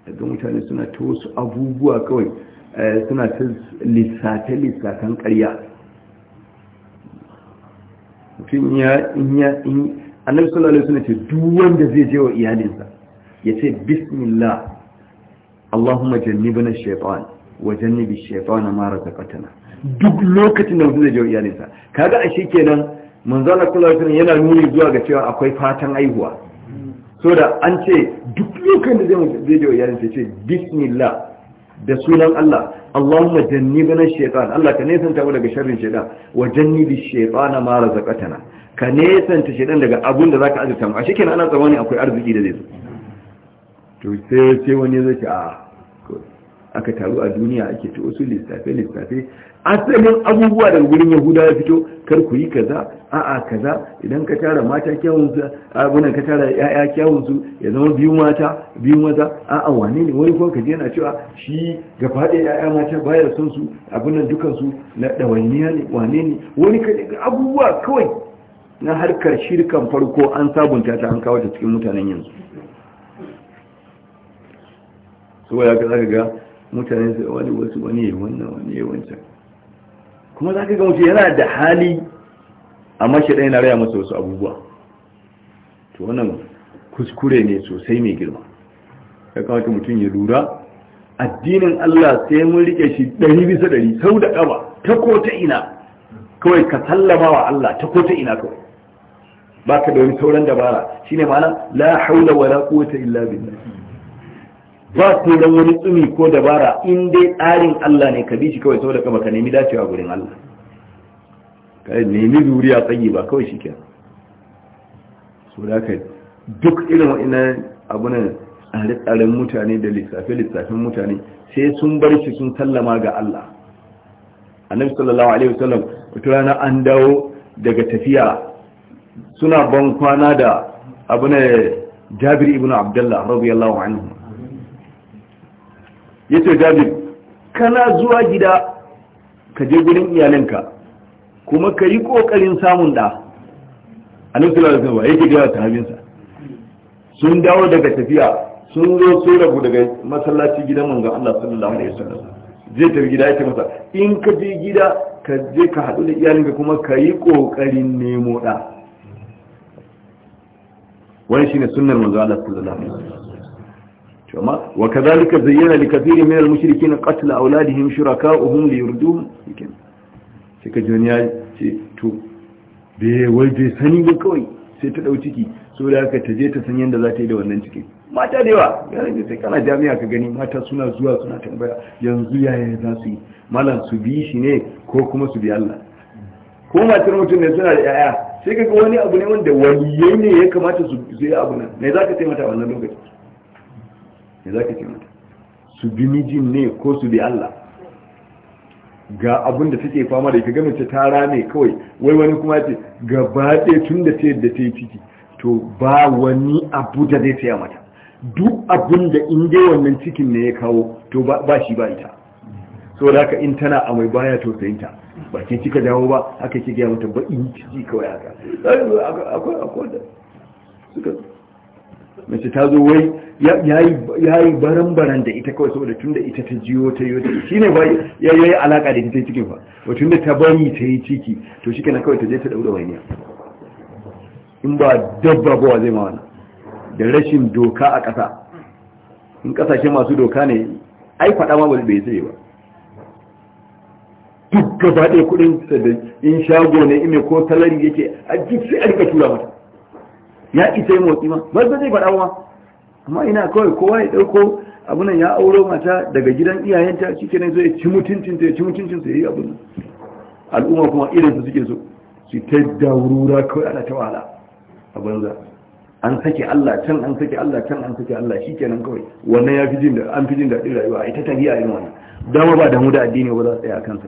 yadda mutane suna ta wasu abubuwa kawai eh, suna ta lissata-lissatan karya mutum ya in ya in annabi sallallahu alaihi wasallam ce duk wanda zai je wa iyalinsa ya ce bismillah Allahumma jannibna shaytan wa jannibi shaytana ma razaqtana duk lokacin da mutum zai jawo iyalinsa kaga ashe kenan manzon Allah sallallahu alaihi yana nuni zuwa ga cewa akwai fatan aihuwa so da an ce duk lokacin da zai jawo iyalinsa ce bismillah da sunan Allah Allahumma jannibna shaytan Allah ka nesanta mu daga sharrin shaytan wa jannibi shaytana ma razaqtana ka nesanta shaytan daga abun da zaka azurta mu ashe kenan ana tsammani akwai arziki da zai zo to sai wani zai ce a aka taru a duniya ake to wasu lissafe lissafe asalin abubuwa daga gurin yahuda ya fito kar ku yi kaza a'a kaza idan ka tara mata kyawun su abunan ka tara yaya kyawun su ya zama biyu mata biyu maza a'a wane ne wani kuma kaje yana cewa shi ga faɗi yaya mata bayar son su abunan dukan su na dawainiya ne wane ne wani ka abubuwa kawai na harkar shirkan farko an sabunta ta an kawo ta cikin mutanen yanzu su ya ka zaka ga mutane su wani wasu wani ya wannan wani ya wancan kuma za ka ga mutum yana da hali a mashi ɗaya na raya masa wasu abubuwa to wannan kuskure ne sosai mai girma ya kamata mutum ya lura addinin Allah sai mun rike shi ɗari bisa ɗari sau da ƙaba ta ko ta ina kawai ka sallama wa Allah ta ko ta ina kawai ba ka da wani sauran dabara shine ma'ana la haula la quwwata illa billah ba da wani tsumi ko dabara in dai tsarin Allah ne ka bi shi kawai saboda ka nemi dacewa gurin Allah ka nemi zuriya tsayi ba kawai shi ke. so da ka duk irin abu abunan tsare-tsaren mutane da lissafe-lissafen mutane sai sun bar shi sun sallama ga Allah annabi sallallahu alaihi wasallam wata rana an dawo daga tafiya suna ban kwana da abunan Jabir ibn Abdullah radiyallahu anhu ya ce jabir kana zuwa gida ka je gurin iyalinka kuma ka yi ƙoƙarin samun ɗa a nan sula da sama yake gaya tarabinsa sun dawo daga tafiya sun zo sun rabu daga masallaci gidan manzon Allah sallallahu alaihi wasallam je ta gida yake masa in ka je gida ka je ka haɗu da iyalinka kuma ka yi ƙoƙarin nemo ɗa wani shine sunnar manzon Allah sallallahu alaihi wasallam كما وكذلك زين لكثير من المشركين قتل أولادهم شركاؤهم ليردوهم suka ji wani ya ce to da ya waje sani ba kawai sai ta ɗau ciki so da aka taje ta san yadda za yi da wannan ciki mata da yawa yaran sai kana jami'a ka gani mata suna zuwa suna tambaya yanzu yaya za su yi malam su bi shi ne ko kuma su bi Allah ko matar mutum ne suna da yaya sai kaga wani abu ne wanda waliyai ne ya kamata su yi abu nan me za ka taimata wannan lokacin ne za ka ce mata su bi mijin ne ko su bi Allah ga abin da take fama da ita gami ta ta rame kawai wai wani kuma ce ga baɗe tun da ta da ta yi ciki to ba wani abu da zai saya mata duk abin da in dai wannan cikin ne ya kawo to ba shi ba ita so da haka in tana amai baya tausayinta ba ke kika dawo ba haka kike ya mata ba in ciki kawai haka akwai akwai suka mace ta zo wai ya yi baran-baran da ita kawai saboda tun da ita ta jiyo ta yi wata shi ne ya yi alaƙa da ita ta yi cikin fa tun da ta bari ta yi ciki to shi kenan kawai ta je ta daura wainiya in ba dabba ba zai ma wani da rashin doka a ƙasa in ƙasashe masu doka ne ai faɗa ma bai zai ba duk gaba ɗaya kuɗin da in shago ne ime ko salari yake a duk sai a rika tura mata ya isa yi motsi ma ba zai faɗa ma amma ina kawai kowa ya ɗauko abunan ya auro mata daga gidan iyayenta shi kenan zai ci mutuncin ta ya ci mutuncin ta ya yi abin al'umma kuma irin su suke so su ta daurura kawai ana ta wahala a banza an sake Allah can an sake Allah can an sake Allah shi kenan kawai wannan ya fi jin da an fi jin daɗin rayuwa ita ta a yin wannan dama ba damu da addini ba za su tsaya a kansa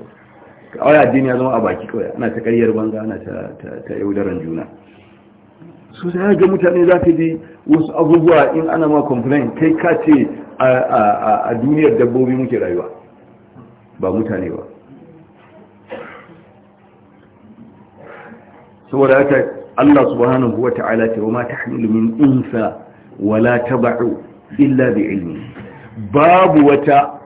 kawai addini ya zama a baki kawai ana ta karyar banza ana ta yaudaran juna su sai ga mutane za ka ji wasu abubuwa in ana ma complain kai ka ce a duniyar dabbobi muke rayuwa ba mutane ba saboda haka Allah subhanahu wa ta'ala ce wa ma tahmilu min insa wala tab'u illa bi ilmi babu wata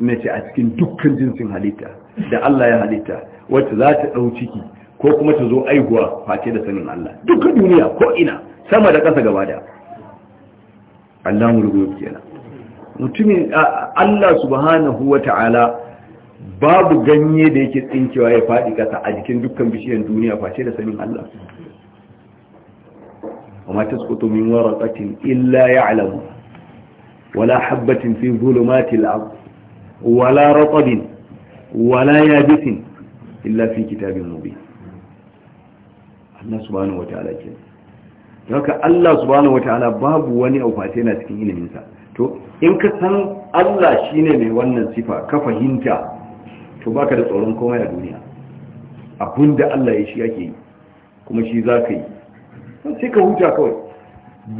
mace a cikin dukkan jinsin halitta da Allah ya halitta wacce za ta dau ciki ko kuma ta zo aihuwa face da sanin Allah duka duniya ko ina sama da ƙasa gaba daya Allah mu rubu kenan mutumin Allah subhanahu wata'ala babu ganye da yake tsinkewa ya faɗi ƙasa a jikin dukkan bishiyar duniya face da sanin Allah amma وما تسقط من ورقة إلا يعلم ولا حبة في ظلمات الأرض ولا رطب ولا يابس illa في kitabin مبين Allah subhanahu wataala ke haka Allah subhanahu wataala babu wani abu na cikin ilimin to in ka san Allah shine mai wannan sifa ka fahimta to baka da tsoron komai a duniya abinda Allah ya shi yake yi kuma shi za yi sai ka huta kawai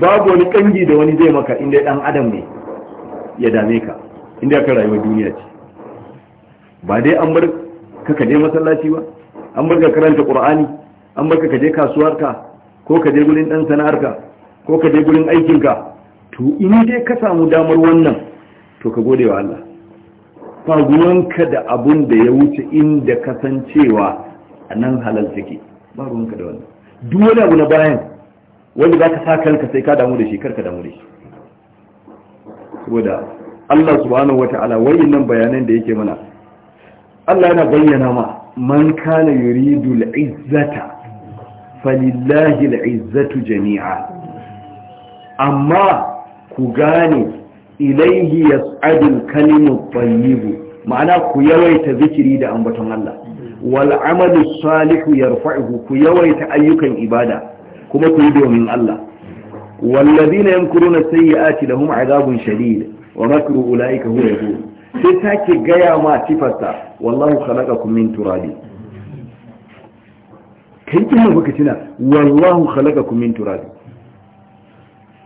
babu wani kangi da wani zai maka inda dan adam ne ya dame ka inda ka rayuwar duniya ce ba dai an bar ka kaje masallaci ba an bar ka karanta qur'ani an baka ka je kasuwarka ko ka je gurin dan sana'arka ko ka je gurin aikinka to in dai ka samu damar wannan to ka gode wa Allah faguwanka da abun da ya wuce inda kasancewa a nan halal take ba ruwanka da wannan duk wani abu na bayan wanda za ka sa kanka sai ka damu da shi karka damu da shi saboda Allah subhanahu wata'ala wayannan bayanan da yake mana Allah yana bayyana ma man kana yuridu al-izzata falillahi al'izzatu jami'a amma ku gane ilaihi yas'adul kalimu tayyibu ma'ana ku yawaita zikiri da ambaton Allah wal salihu yarfa'uhu ku yawaita ayyukan ibada kuma ku yi domin Allah wallazina yamkuruna sayyi'ati hum adabun shadid wa makru ulaika huwa yahud sai take gaya ma sifarsa wallahu khalaqakum min turabin kai kina baka tuna wallahu khalaqakum min turab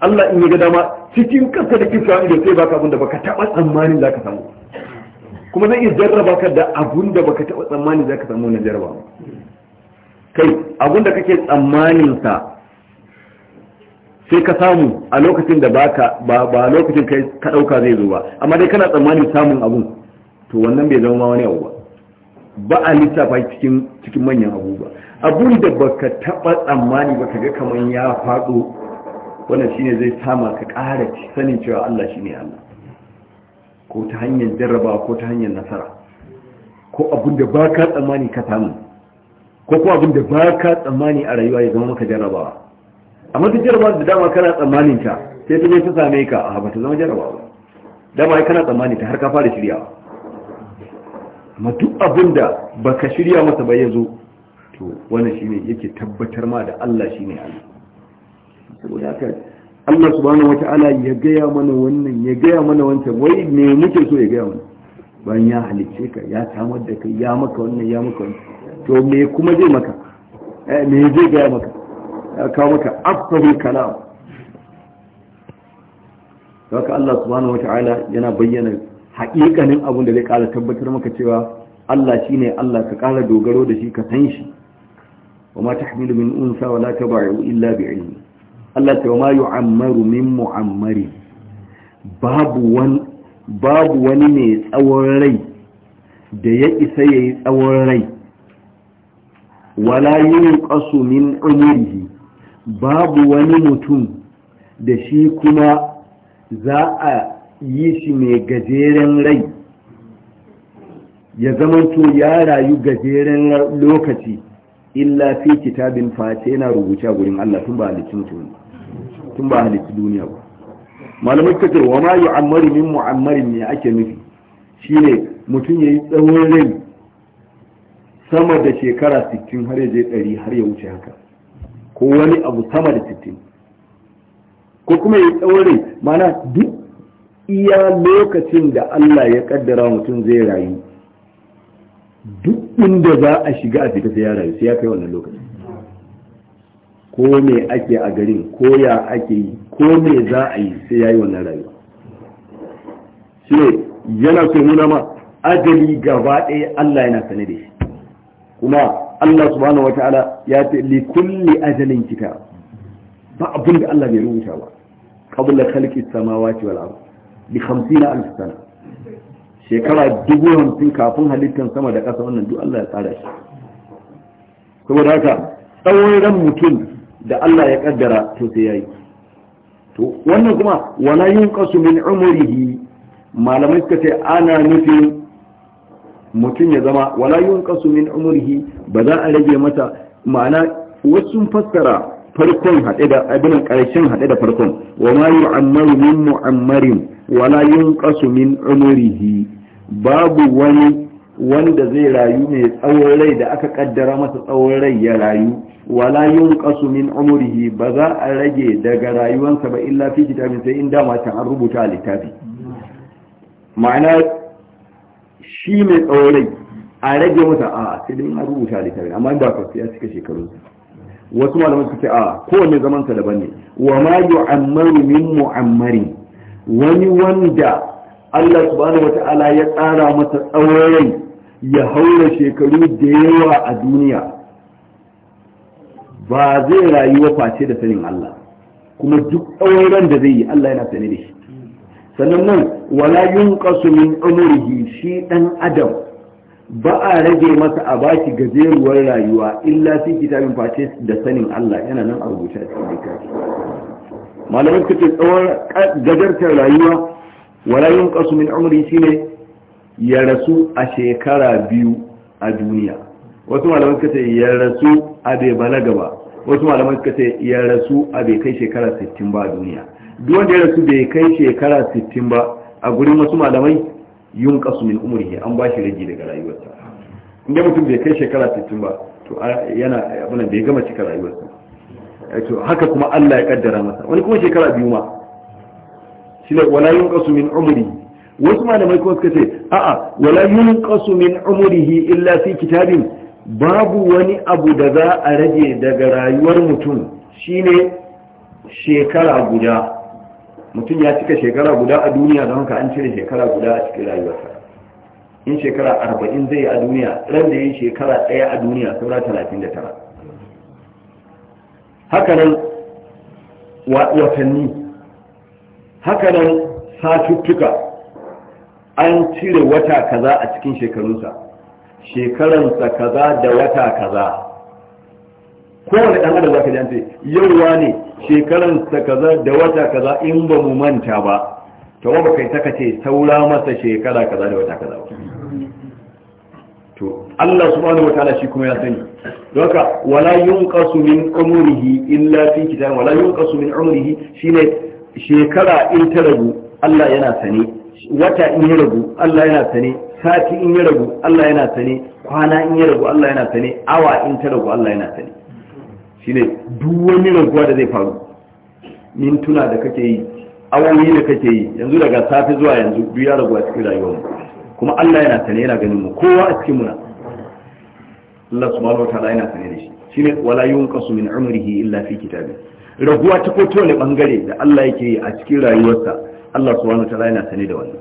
Allah in ya ga dama cikin kasa da kisa da sai baka abin baka taba tsammanin zaka samu kuma zan iya jarraba ka da abun da baka taba tsammanin zaka samu na jarraba kai abun kake tsammanin sa sai ka samu a lokacin da baka ba ba lokacin kai ka dauka zai zo ba amma dai kana tsammanin samun abun to wannan bai zama wani abu ba ba a lissafa cikin cikin manyan abubuwa abun da baka taɓa tsammani baka ga kamar ya faɗo wannan shine zai sama ka ƙara sanin cewa Allah shine Allah ko ta hanyar jarrabawa ko ta hanyar nasara ko abin da ba ka tsammani ka samu ko kuma abin da ba ka tsammani a rayuwa ya zama maka jarrabawa amma duk jarrabawa da dama kana tsammanin ta sai ta je ta same ka a ba ta zama jarrabawa dama ai kana tsammani ta har ka fara shiryawa amma duk abun da baka shirya masa ba ya zo to wani shi ne yake tabbatar ma da Allah shi ne Allah saboda haka Allah subhanahu ta'ala ya gaya mana wannan ya gaya mana wancan wai me muke so ya gaya mana bayan ya halicce ka ya samar da kai ya maka wannan ya maka wannan to me kuma zai maka eh, me zai gaya maka ya kawo maka afsahu kalam haka Allah subhanahu ta'ala yana bayyana haƙiƙanin abin da zai ƙara tabbatar maka cewa Allah shine Allah ka ƙara dogaro da shi ka san shi وما تحمل من أنثى ولا تضع إلا بعلمه Allah ta ma yu'ammaru min mu'ammari babu wani babu wani ne tsawon rai da ya isa yayi tsawon rai wala yunqasu min umrihi babu wani mutum da shi kuma za a yi shi mai gajeren rai ya zamanto ya rayu gajeren lokaci illa fi kitabin face yana rubuce a gurin Allah tun ba halittu mutum tun ba halittu duniya ba malamai suka ce wa ma yu'ammaru min mu'ammarin ne ake nufi shine mutum ya tsawon rai sama da shekara 60 har ya je 100 har ya wuce haka ko wani abu sama da 60 ko kuma ya tsawon rai mana duk iya lokacin da Allah ya kaddara mutum zai rayu duk inda za a shiga a fita sai ya rayu sai ya kai wannan lokaci ko me ake a garin ko ya ake yi ko me za a yi sai ya yi wannan rayuwa shi ne yana so nuna ma ajali gaba ɗaya Allah yana sane da shi kuma Allah subhanahu wataala ya ce li kulli ajalin kita ba abin da Allah bai rubuta ba qabla khalqi samawati wal ard bi 50 alf sana shekara dubu hamsin kafin halittar sama da ƙasa wannan duk Allah ya tsara shi saboda haka tsawon ran mutum da Allah ya kaddara to sai yayi to wannan kuma wala kasu min umrihi malamai suka ce ana nufin mutum ya zama wala kasu min umrihi ba za a rage mata ma'ana wasu fassara farkon haɗe da abin ƙarshen haɗe da farkon wa ma yu'ammaru min mu'ammarin wala kasu min umrihi babu wani wanda zai rayu mai tsawon rai da aka kaddara masa tsawon rai ya rayu wala yunqasu min umrihi ba za a rage daga rayuwansa ba illa fi kitabin sai in dama ta an rubuta a littafi ma'ana shi mai tsawon rai a rage masa a sai dai an rubuta a littafi amma ba ka ya cika shekaru wasu malaman ce a kowanne zaman sa daban ne wa ma yu'ammaru min mu'ammarin wani wanda Allah subhanahu wata'ala ya tsara masa tsawayen ya haura shekaru da yawa a duniya ba zai rayuwa face da sanin Allah kuma duk tsawon da zai yi Allah yana sani da shi sannan nan wala yunqasu min umrihi shi dan adam ba a rage masa a bashi gajeruwar rayuwa illa fi kitabin face da sanin Allah yana nan a rubuce a cikin littafi malaman kace tsawon gajartar rayuwa wala yunqasu min umri shine ya rasu a shekara biyu a duniya wasu malaman suka ce ya rasu a bai balaga ba wasu malaman suka ce ya rasu a bai kai shekara 60 ba a duniya duk wanda ya rasu bai kai shekara 60 ba a gurin wasu malamai yunqasu min umrihi an ba shi rage daga rayuwarsa inda mutum bai kai shekara 60 ba to yana abin bai gama cika rayuwarsa eh, to haka kuma Allah ya kaddara masa wani kuma shekara biyu ma shine wala yunqasu min umri wasu malamai kuma suka ce a'a wala yunqasu min umrihi illa fi kitabin babu wani abu da za a rage daga rayuwar mutum shine shekara guda mutum ya cika shekara guda a duniya don haka an cire shekara guda a cikin rayuwarsa in shekara arba'in zai a duniya ran da yin shekara ɗaya a duniya saura talatin da tara haka nan watanni Hakanan satuttuka an cire wata kaza a cikin shekarunsa shekaransa kaza da wata kaza kowane ɗan adam zaka ji an ce yauwa ne shekaransa kaza da wata kaza in ba mu manta ba to ba kai ta ce saura masa shekara kaza da wata kaza to Allah subhanahu wataala shi kuma ya sani don haka wala yunqasu min umrihi illa fi kitab wala yunqasu min umrihi shine shekara in ta ragu Allah yana sane wata in ya ragu Allah yana sane sati in ya ragu Allah yana sane kwana in ya ragu Allah yana sane awa in ta ragu Allah yana sane shine duk wani raguwa da zai faru mintuna da kake yi awowi da kake yi yanzu daga safe zuwa yanzu duk ya a cikin rayuwar kuma Allah yana sane yana ganin mu kowa a cikin muna Allah subhanahu wataala yana sane da shi shine wala yunqasu min umrihi illa fi kitabih raguwa ta ko wani bangare da Allah yake yi a cikin rayuwarsa Allah subhanahu wataala yana sane da wannan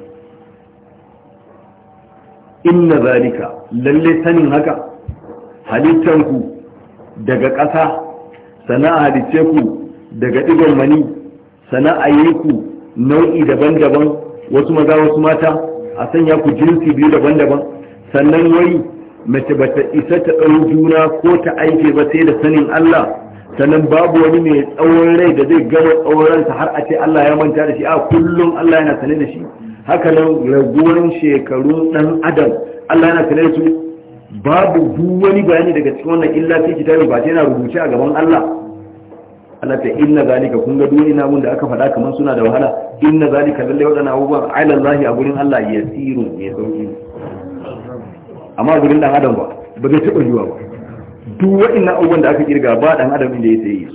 inna zalika lalle sanin haka ku daga ƙasa sana'a halitce ku daga digon mani sana'a yi nau'i daban-daban wasu maza wasu mata a sanya ku jinsi biyu daban-daban sannan wai mace bata isa ta ɗau juna ko ta aike ba sai da sanin Allah sannan babu wani mai tsawon rai da zai gama tsawon ransa har a ce Allah ya manta da shi a kullum Allah yana sane da shi haka nan raguwar shekarun dan adam Allah yana sane da su babu duk wani bayani daga cikin wannan illa fi kitabin ba yana rubuce a gaban Allah Allah ta inna zalika kun ga duniya ina mun da aka faɗa kamar suna da wahala inna zalika lalle wadana abubuwan ala Allah a gurin Allah yasirun mai sauki amma gurin dan adam ba ba zai taɓa yiwa ba duk waɗannan abubuwan da aka kirga ba dan adam inda ya yi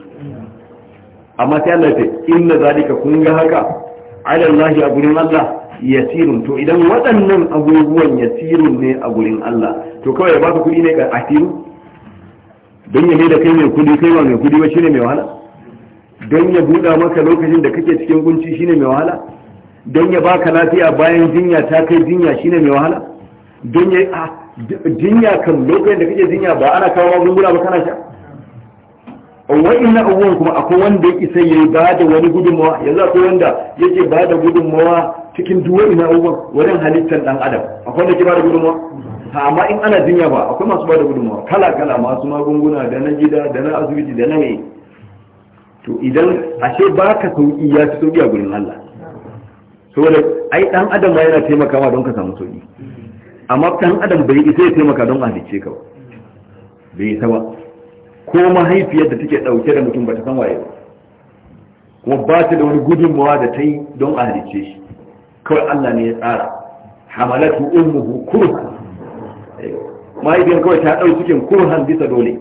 amma sai Allah ya ce inna zalika kun ga haka ala Allah ya gurin Allah yasirun to idan waɗannan abubuwan yasirun ne a gurin Allah to kawai ya baka kuɗi ne ka asiru don ya da kai mai kuɗi kai ma mai kuɗi ba shine mai wahala don ya buɗa maka lokacin da kake cikin kunci shine mai wahala don ya baka lafiya bayan jinya ta kai jinya shine mai wahala don ya ah, jinya kan lokacin da kake jinya ba ana kawo magunguna ba kana sha wa'in abubuwan kuma akwai wanda yake sai ya ba da wani gudunmawa yanzu akwai wanda yake ba da gudunmawa cikin duk wa'in abubuwan wurin halittar dan adam akwai wanda ke ba da gudunmawa ha amma in ana jinya ba akwai masu ba da gudunmawa kala kala masu magunguna da na gida da na asibiti da na mai. to idan ashe baka sauki ya fi sauki a gurin Allah saboda ai dan adam ma yana taimakawa don ka samu sauki amma kan adam bai isa ya taimaka don a halicce ka ba bai isa ba ko mahaifiyar da take dauke da mutum ba ta san waye ba kuma ba ta da wani gudunmawa da ta yi don a halicce shi kawai Allah ne ya tsara hamalatu ummuhu kurha mahaifiyar kawai ta ɗau cikin kurhan bisa dole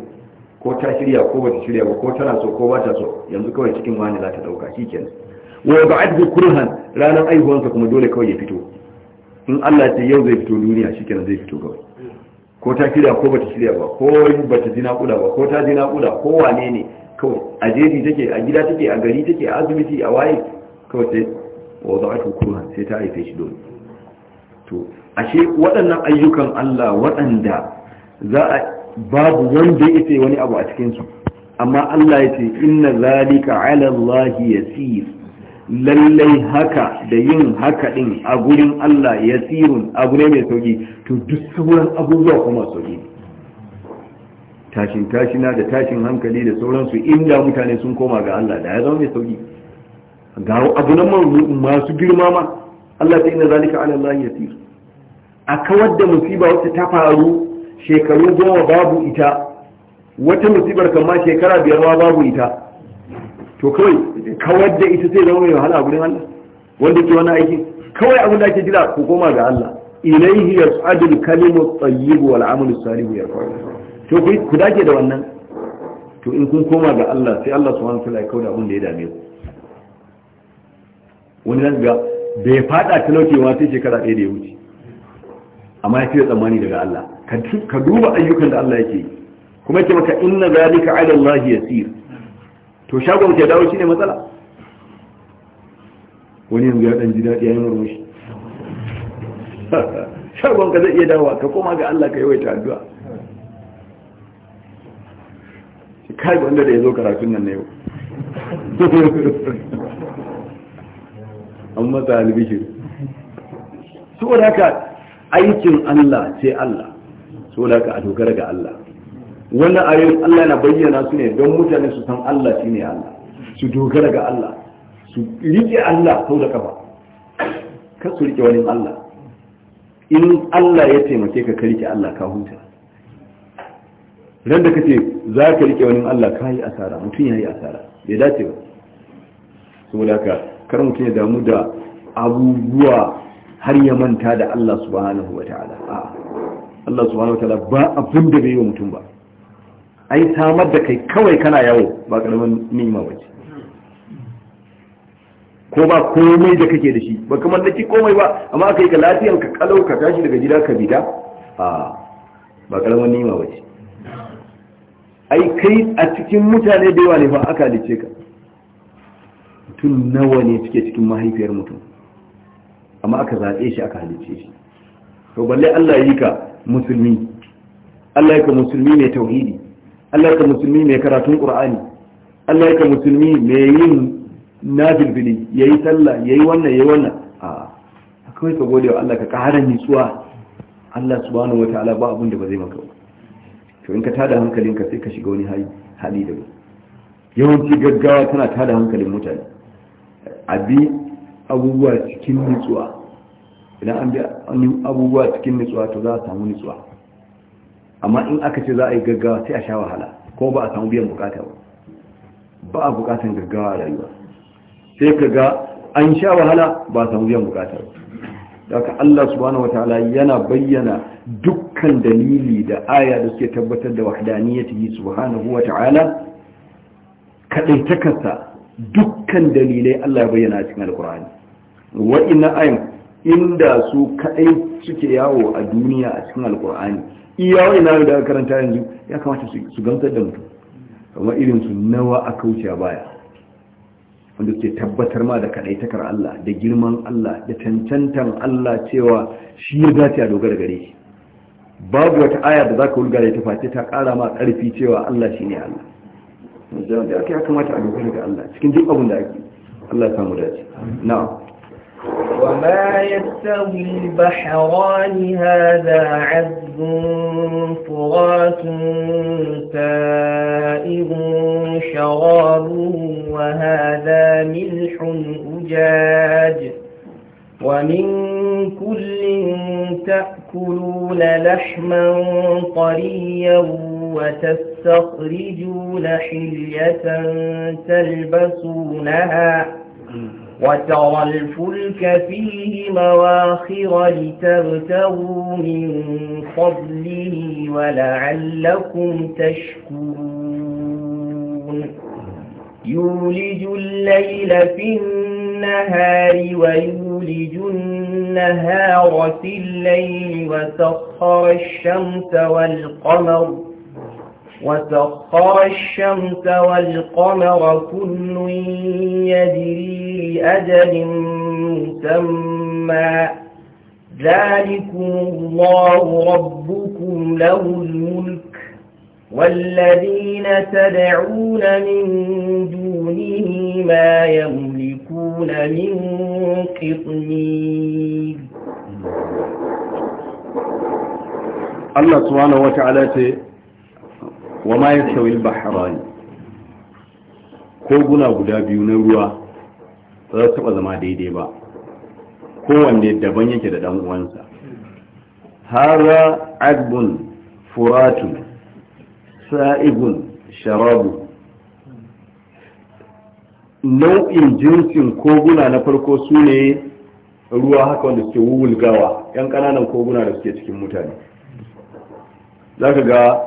ko ta shirya ko bata shirya ba ko tana so ko ba ta so yanzu kawai cikin wani za ta ɗauka shi kenan wa ba'adhu kurhan ranar aihuwansa kuma dole kawai ya fito in Allah ce yau zai fito duniya kenan zai fito kawai ko ta shirya ko bata shirya ba ko bata jina kuda ba ko ta jina kuda ko wane ne kawai a jeji take a gida take a gari take a asibiti a waye kawai sai wadatu kuma sai ta haife shi dole to ashe waɗannan ayyukan Allah waɗanda za a babu wanda ya ce wani abu a cikinsu amma Allah ya ce inna zalika ala allahi yasir lallai haka da yin haka din a gurin Allah ya tsirun abu ne mai sauki to duk sauran abubuwa kuma sauki tashin tashina da tashin hankali da sauransu inda mutane sun koma ga Allah da ya zama mai sauki ga abu nan masu girma ma Allah ta inna zalika ala Allah yasir a kawar da musiba wacce ta faru shekaru goma babu ita wata musibar kama shekara biyar ma babu ita to kawai kawar da ita sai zama mai wahala a gurin Allah wanda ke wani aiki kawai abin da ake jira ku koma ga Allah ilaihi yas'adul kalimu tayyib wal amalu salihu yarfa to ku dake da wannan to in kun koma ga Allah sai Allah subhanahu wataala ya kauda abin da ya dame ku wani nan ga bai fada talaucewa sai shekara ɗaya da ya wuce amma ya fiye tsammani daga Allah ka duba ayyukan da Allah yake yi kuma yake maka inna zalika ala Allah yasir to shagon ke dawo shine matsala wani yanzu ya dan ji daɗi yi murmushi shagon ka zai iya dawa, ka koma ga Allah ka yawaita addu'a kai wanda da ya zo karatun nan na yau an matsa halibishir saboda haka aikin Allah sai Allah saboda haka a dogara ga Allah wannan ayoyin Allah na bayyana su ne don mutane su san Allah shine Allah su dogara ga Allah su riƙe Allah sau da kafa kar su riƙe wani Allah in Allah ya taimake ka ka rike Allah ka huta ran da kace za ka riƙe wani Allah ka yi asara mutum ya yi asara bai dace ba saboda haka kar mutum ya damu da abubuwa har ya manta da Allah subhanahu wa ta'ala Allah subhanahu wa ba abin da bai yi wa mutum ba ai samar da kai kawai kana yawo ba karamin nima bace ko ba komai da kake da shi ba kamar da ke komai ba amma aka yi ka lafiyan ka kalau ka tashi daga gida ka bida a ba karamin nima bace ai kai a cikin mutane da yawa ne ba aka halice ka mutum nawa ne suke cikin mahaifiyar mutum amma aka zaɓe shi aka halice shi to balle Allah yi ka musulmi Allah yi ka musulmi mai tauhidi Allah ya musulmi mai karatun Qur'ani Allah ya musulmi mai yin nafilbili yayi sallah yayi wannan yayi wannan a kawai ka gode wa Allah ka ƙara nitsuwa Allah subhanahu wataala ba abin da ba zai maka ba to in ka tada hankalinka sai ka shiga wani hali da yawanci gaggawa tana tada hankalin mutane abi abubuwa cikin nitsuwa idan an bi abubuwa cikin nitsuwa to za a samu nitsuwa amma in aka ce za a yi gaggawa sai a sha wahala ko ba a samu biyan bukata ba ba a bukatan gaggawa a rayuwa sai ka ga an sha wahala ba a samu biyan bukata ba daga Allah subhanahu taala yana bayyana dukkan dalili da aya da suke tabbatar da wahdaniyatihi subhanahu wataala kadai takarsa dukkan dalilai Allah ya bayyana cikin alkur'ani wa'inna inda su kadai suke yawo a duniya a cikin alkur'ani iya wani na da karanta yanzu ya kamata su gamsar da mutum kuma irin su nawa a kauce baya wanda ke tabbatar ma da takar Allah da girman Allah da cancantan Allah cewa shi ya dace a dogara gare shi babu wata aya da ka wulga da ta face ta kara ma karfi cewa Allah shi ne Allah da ya kamata a dogara ga Allah cikin duk abin da ake Allah ya samu dace na'am وما يستوي البحران هذا عذب فرات تائب شرابه وهذا ملح أجاج ومن كل تأكلون لحما طريا وتستخرجون حلية تلبسونها وترى الفلك فيه مواخر لتبتغوا من فضله ولعلكم تشكرون يولج الليل في النهار ويولج النهار في الليل وسخر الشمس والقمر وسخر الشمس والقمر كل يجري لأجل مسمى ذلكم الله ربكم له الملك والذين تدعون من دونه ما يملكون من قطمير الله سبحانه وتعالى wa ma yastawi al-bahrani koguna guda biyu na ruwa ba za su taba zama daidai ba kowanne daban yake da dan uwansa hara adbun furatun sa'ibun sharabu nau'in jinsin koguna na farko su ne ruwa haka wanda suke wulgawa 'yan kananan koguna da suke cikin mutane za ka ga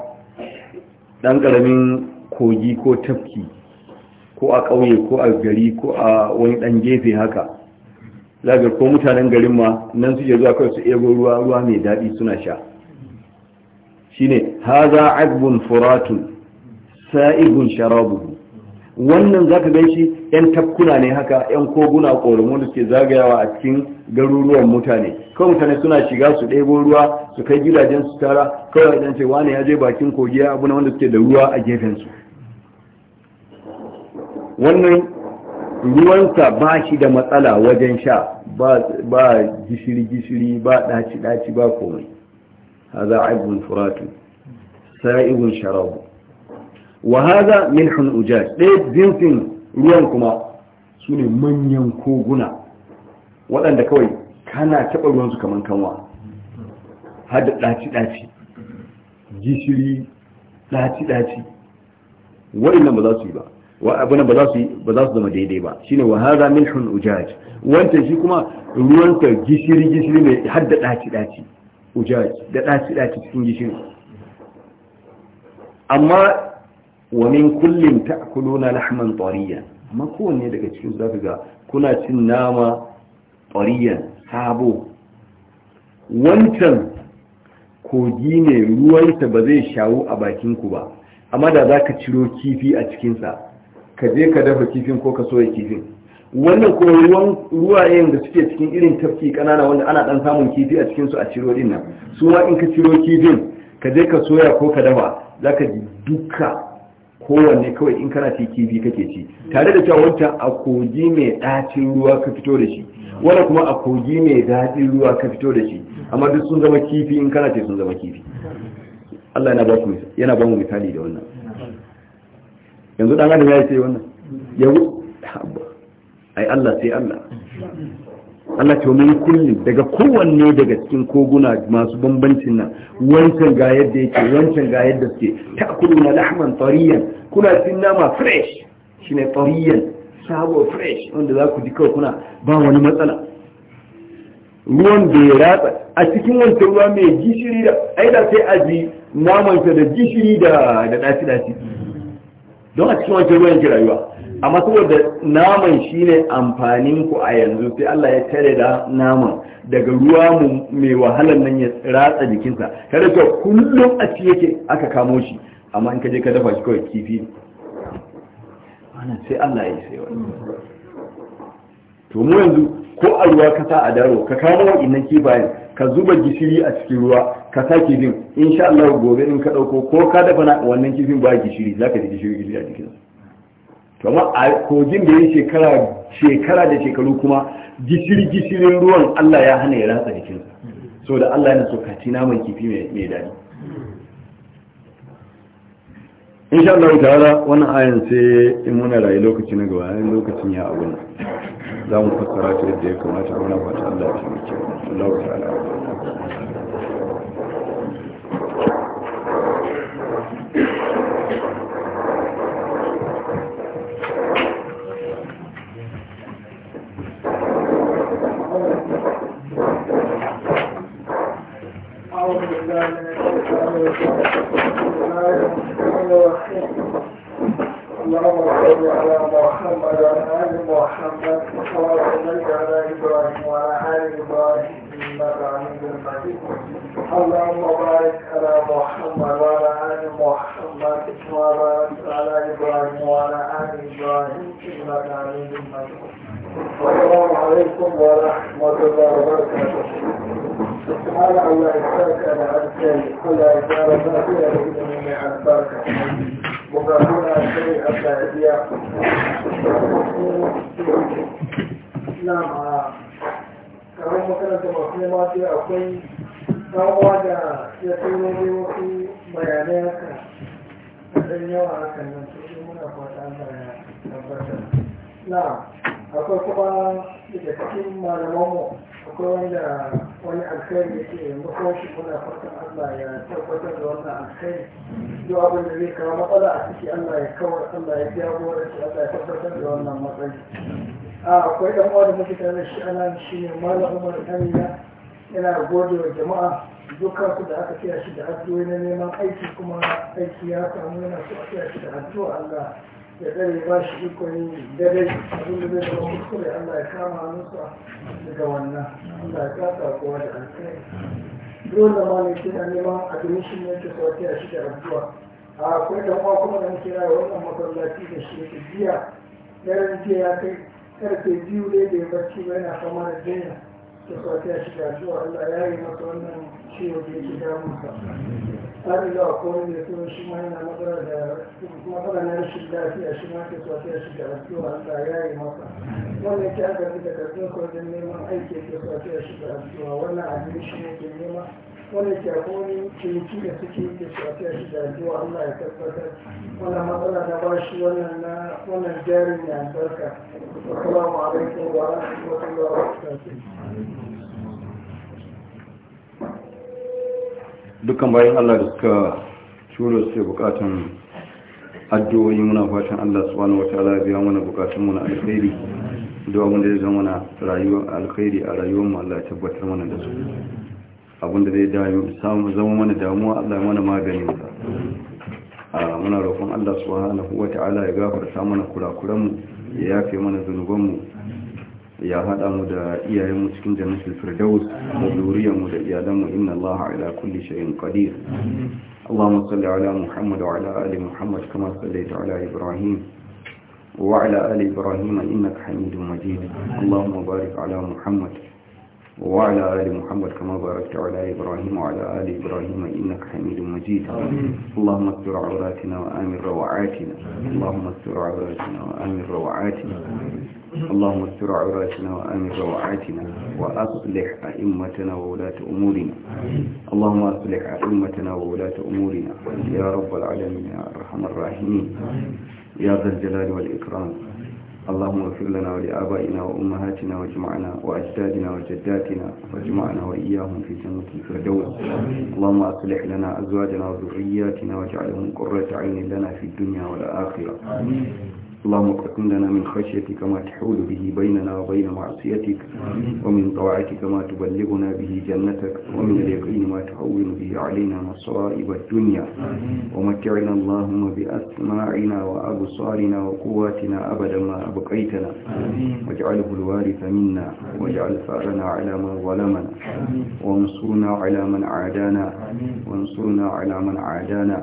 ɗan ƙaramin kogi ko tafki ko a ƙauye ko a gari ko a wani ɗan gefe haka zagar ko mutanen garin ma nan suke zuwa kawai su ebo ruwa ruwa mai daɗi suna sha shine haza azbun furatun sa'ibun sharabu. wannan za ka shi yan tafkuna ne haka yan koguna ƙoramu da suke zagayawa a cikin garuruwan mutane kawai mutane suna shiga su ɗebo ruwa su kai gidajen su tara kawai idan ce wani ya je bakin kogi abu na wanda suke da ruwa a gefen su wannan ruwansa ba shi da matsala wajen sha ba gishiri gishiri ba ɗaci ɗaci ba komai haza aibun furatu sa'ibun sharabu wa haza milhun ujaj ɗaya jinsin ruwan kuma su ne manyan koguna waɗanda kawai kana taɓa su kamar kanwa har da ɗaci-ɗaci gishiri ɗaci-ɗaci waɗannan ba za su yi ba wa abunan ba za su ba za su zama daidai ba shine wa hadha milhun ujaj wancan shi kuma ruwan ka gishiri gishiri ne, har da ɗaci ɗaci ujaj da ɗaci ɗaci cikin gishiri amma wa min kullin ta'kuluna lahman tariyan amma kowanne daga cikin ga kuna cin nama tariyan sabo wancan kogi ne ruwansa ba zai shawo a bakin ku ba amma da zaka ciro kifi a cikin ka je ka dafa kifin ko ka soya kifin wannan ko ruwan ruwayen da suke cikin irin tafki kanana wanda ana dan samun kifi a cikinsu a ciro din nan su ma in ka ciro kifin ka je ka soya ko ka dafa zaka duka kowanne kawai in kana ci kifi kake ci tare da cewa wancan a kogi mai ɗacin ruwa ka fito da shi Wani kuma a kogi mai daɗin ruwa ka fito da shi amma duk sun zama kifi in kana ce sun zama kifi Allah yana ba mu misali da wannan yanzu dan adam ya sai wannan yau ai Allah sai Allah Allah ce mun kullum daga kowanne daga cikin koguna masu bambancin nan wancan ga yadda yake wancan ga yadda suke ta'kuluna lahman tariyan kuna cin nama fresh shi ne fariyan sabo fresh wanda za ku ji kawai kuna ba wani matsala ruwan da ya ratsa a cikin wancan ruwa mai gishiri da ai da sai aji namansa da gishiri da da daci daci don a cikin wancan ruwa yake rayuwa amma saboda naman shine amfanin ku a yanzu sai Allah ya tare da naman daga ruwa mai wahalar nan ya ratsa jikinsa kada ka kullum a ci yake aka kamo shi amma in ka je ka dafa shi kawai kifi sai Allah ya sai wani to mu yanzu ko a ruwa ka sa a daro ka kawo wa'innan kifayen ka zuba gishiri a cikin ruwa ka sa kifin insha Allah gobe in ka dauko ko ka dafa wannan kifin ba gishiri za ka ji gishiri gishiri a jikin to amma a kogin da ya shekara shekara da shekaru kuma gishiri gishirin ruwan Allah ya hana ya ratsa jikinsa saboda Allah yana so ka ci naman kifi mai daɗi insha Allah ta'ala wannan ayan sai in muna rayu lokaci na gaba yayin lokacin ya abu za mu fassara ta yadda ya kamata a fata Allah ya ta'ala اللهم صل على محمد وعلى ال محمد كما صليت ابراهيم وعلى ال ابراهيم بارك على محمد وعلى ال محمد كما باركت على ابراهيم وعلى ال ابراهيم انك حميد مجيد والسلام عليكم ورحمه الله وبركاته سبحان الله يحتاج على أرسل كل إدارة باقية لإذن عن بركة مقابلون الشيء الفائدية نعم kamar makaranta masu nema ce akwai ɗan'uwa da ya tsoro ne wasu bayanai haka a ɗan yawa hakan nan su muna na akwai kuma da cikin malamanmu akwai wanda wani alkhairi da ke makwashi kuna fatan Allah ya tabbatar da wannan alkhairi yau abin da zai kawo matsala a ciki Allah ya kawar Allah ya jagora shi Allah ya tabbatar da wannan matsayi akwai dan uwa da muke tare da shi anan shine malam Umar Amina yana gode wa jama'a dukkan ku da aka kiya shi da addu'o'i na neman aiki kuma aiki ya samu yana so a kira shi da addu'a Allah ya tsare ba shi ikon dare, abin da zai zama kuskure Allah ya kama hannunsa daga wannan Allah ya kasa kowa da alkai dole ma ne kina neman admission ne ta sauke a shi da addu'a a akwai da kuma kuma da muke rayuwa wannan masallaci da shi jiya yaran jiya ya kai karfe biyu ne da ya barci ba yana fama da jinya ta sauke a shi da addu'a Allah ya yi masa wannan ciwo da yake damunsa har ila akwai wanda kuma shi ma yana matsala na rashin lafiya shi ma ke kwafiya shi ga asuwa Allah ya yi maka? wanda yake aka fi da karfin kwarfin neman aiki ke kwafiya shi ga asuwa wannan abin shi ne ke nema wanda ke akwai ciniki da suke ke kwafiya shi ga asuwa Allah ya tabbatar wannan matsala na bashi wannan na wannan jarin ya albarka assalamu alaikum wa rahmatullahi wa barakatuh dukkan bayan Allah da suka shura su bukatun addu'o'i muna fatan Allah subhanahu wataala ya biya mana bukatun mu na alkhairi da abin da zai zama na rayuwar alkhairi a rayuwar mu Allah ya tabbatar mana da su abin da zai dayo samu zama mana damuwa Allah mana magani a muna roƙon Allah subhanahu wataala ya gafarta mana kurakuran mu ya yafe mana zunuban mu يا haɗa mu يا iyayenmu جنة الفردوس firdaus da zuriyarmu يا دم إن الله على كل شيء قدير اللهم صل على محمد وعلى ال محمد كما صليت على ابراهيم وعلى ال ابراهيم انك حميد مجيد اللهم بارك على محمد وعلى ال محمد كما باركت على ابراهيم وعلى ال ابراهيم انك حميد مجيد اللهم استر عوراتنا وامن روعاتنا اللهم استر عوراتنا وامن روعاتنا اللهم استر عوراتنا وآمن روعاتنا وأصلح أئمتنا وولاة أمورنا اللهم أصلح أئمتنا وولاة أمورنا يا رب العالمين يا أرحم الراحمين يا ذا الجلال والإكرام اللهم اغفر لنا ولآبائنا وأمهاتنا واجمعنا وأجدادنا وجداتنا واجمعنا وإياهم في جنة الفردوس اللهم أصلح لنا أزواجنا وذرياتنا واجعلهم قرة عين لنا في الدنيا والآخرة اللهم اقسم لنا من خشيتك ما تحول به بيننا وبين معصيتك ومن طاعتك ما تبلغنا به جنتك ومن اليقين ما تهون به علينا مصائب الدنيا ومتعنا اللهم بأسماعنا وأبصارنا وقواتنا أبدا ما أبقيتنا واجعله الوارث منا واجعل ثأرنا على من ظلمنا وانصرنا على من عادانا وانصرنا على من عادانا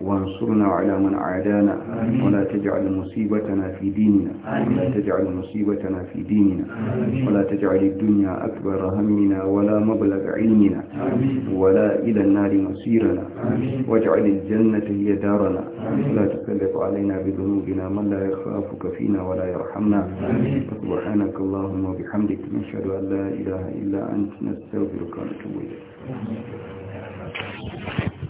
وانصرنا على من عادانا ولا تجعل مصيبتنا في ديننا ولا تجعل مصيبتنا في ديننا ولا تجعل الدنيا أكبر همنا ولا مبلغ علمنا ولا إلى النار مصيرنا واجعل الجنة هي دارنا ولا تكلف علينا بذنوبنا من لا يخافك فينا ولا يرحمنا سبحانك اللهم وبحمدك نشهد أن لا إله إلا أنت نستغفرك ونتوب إليك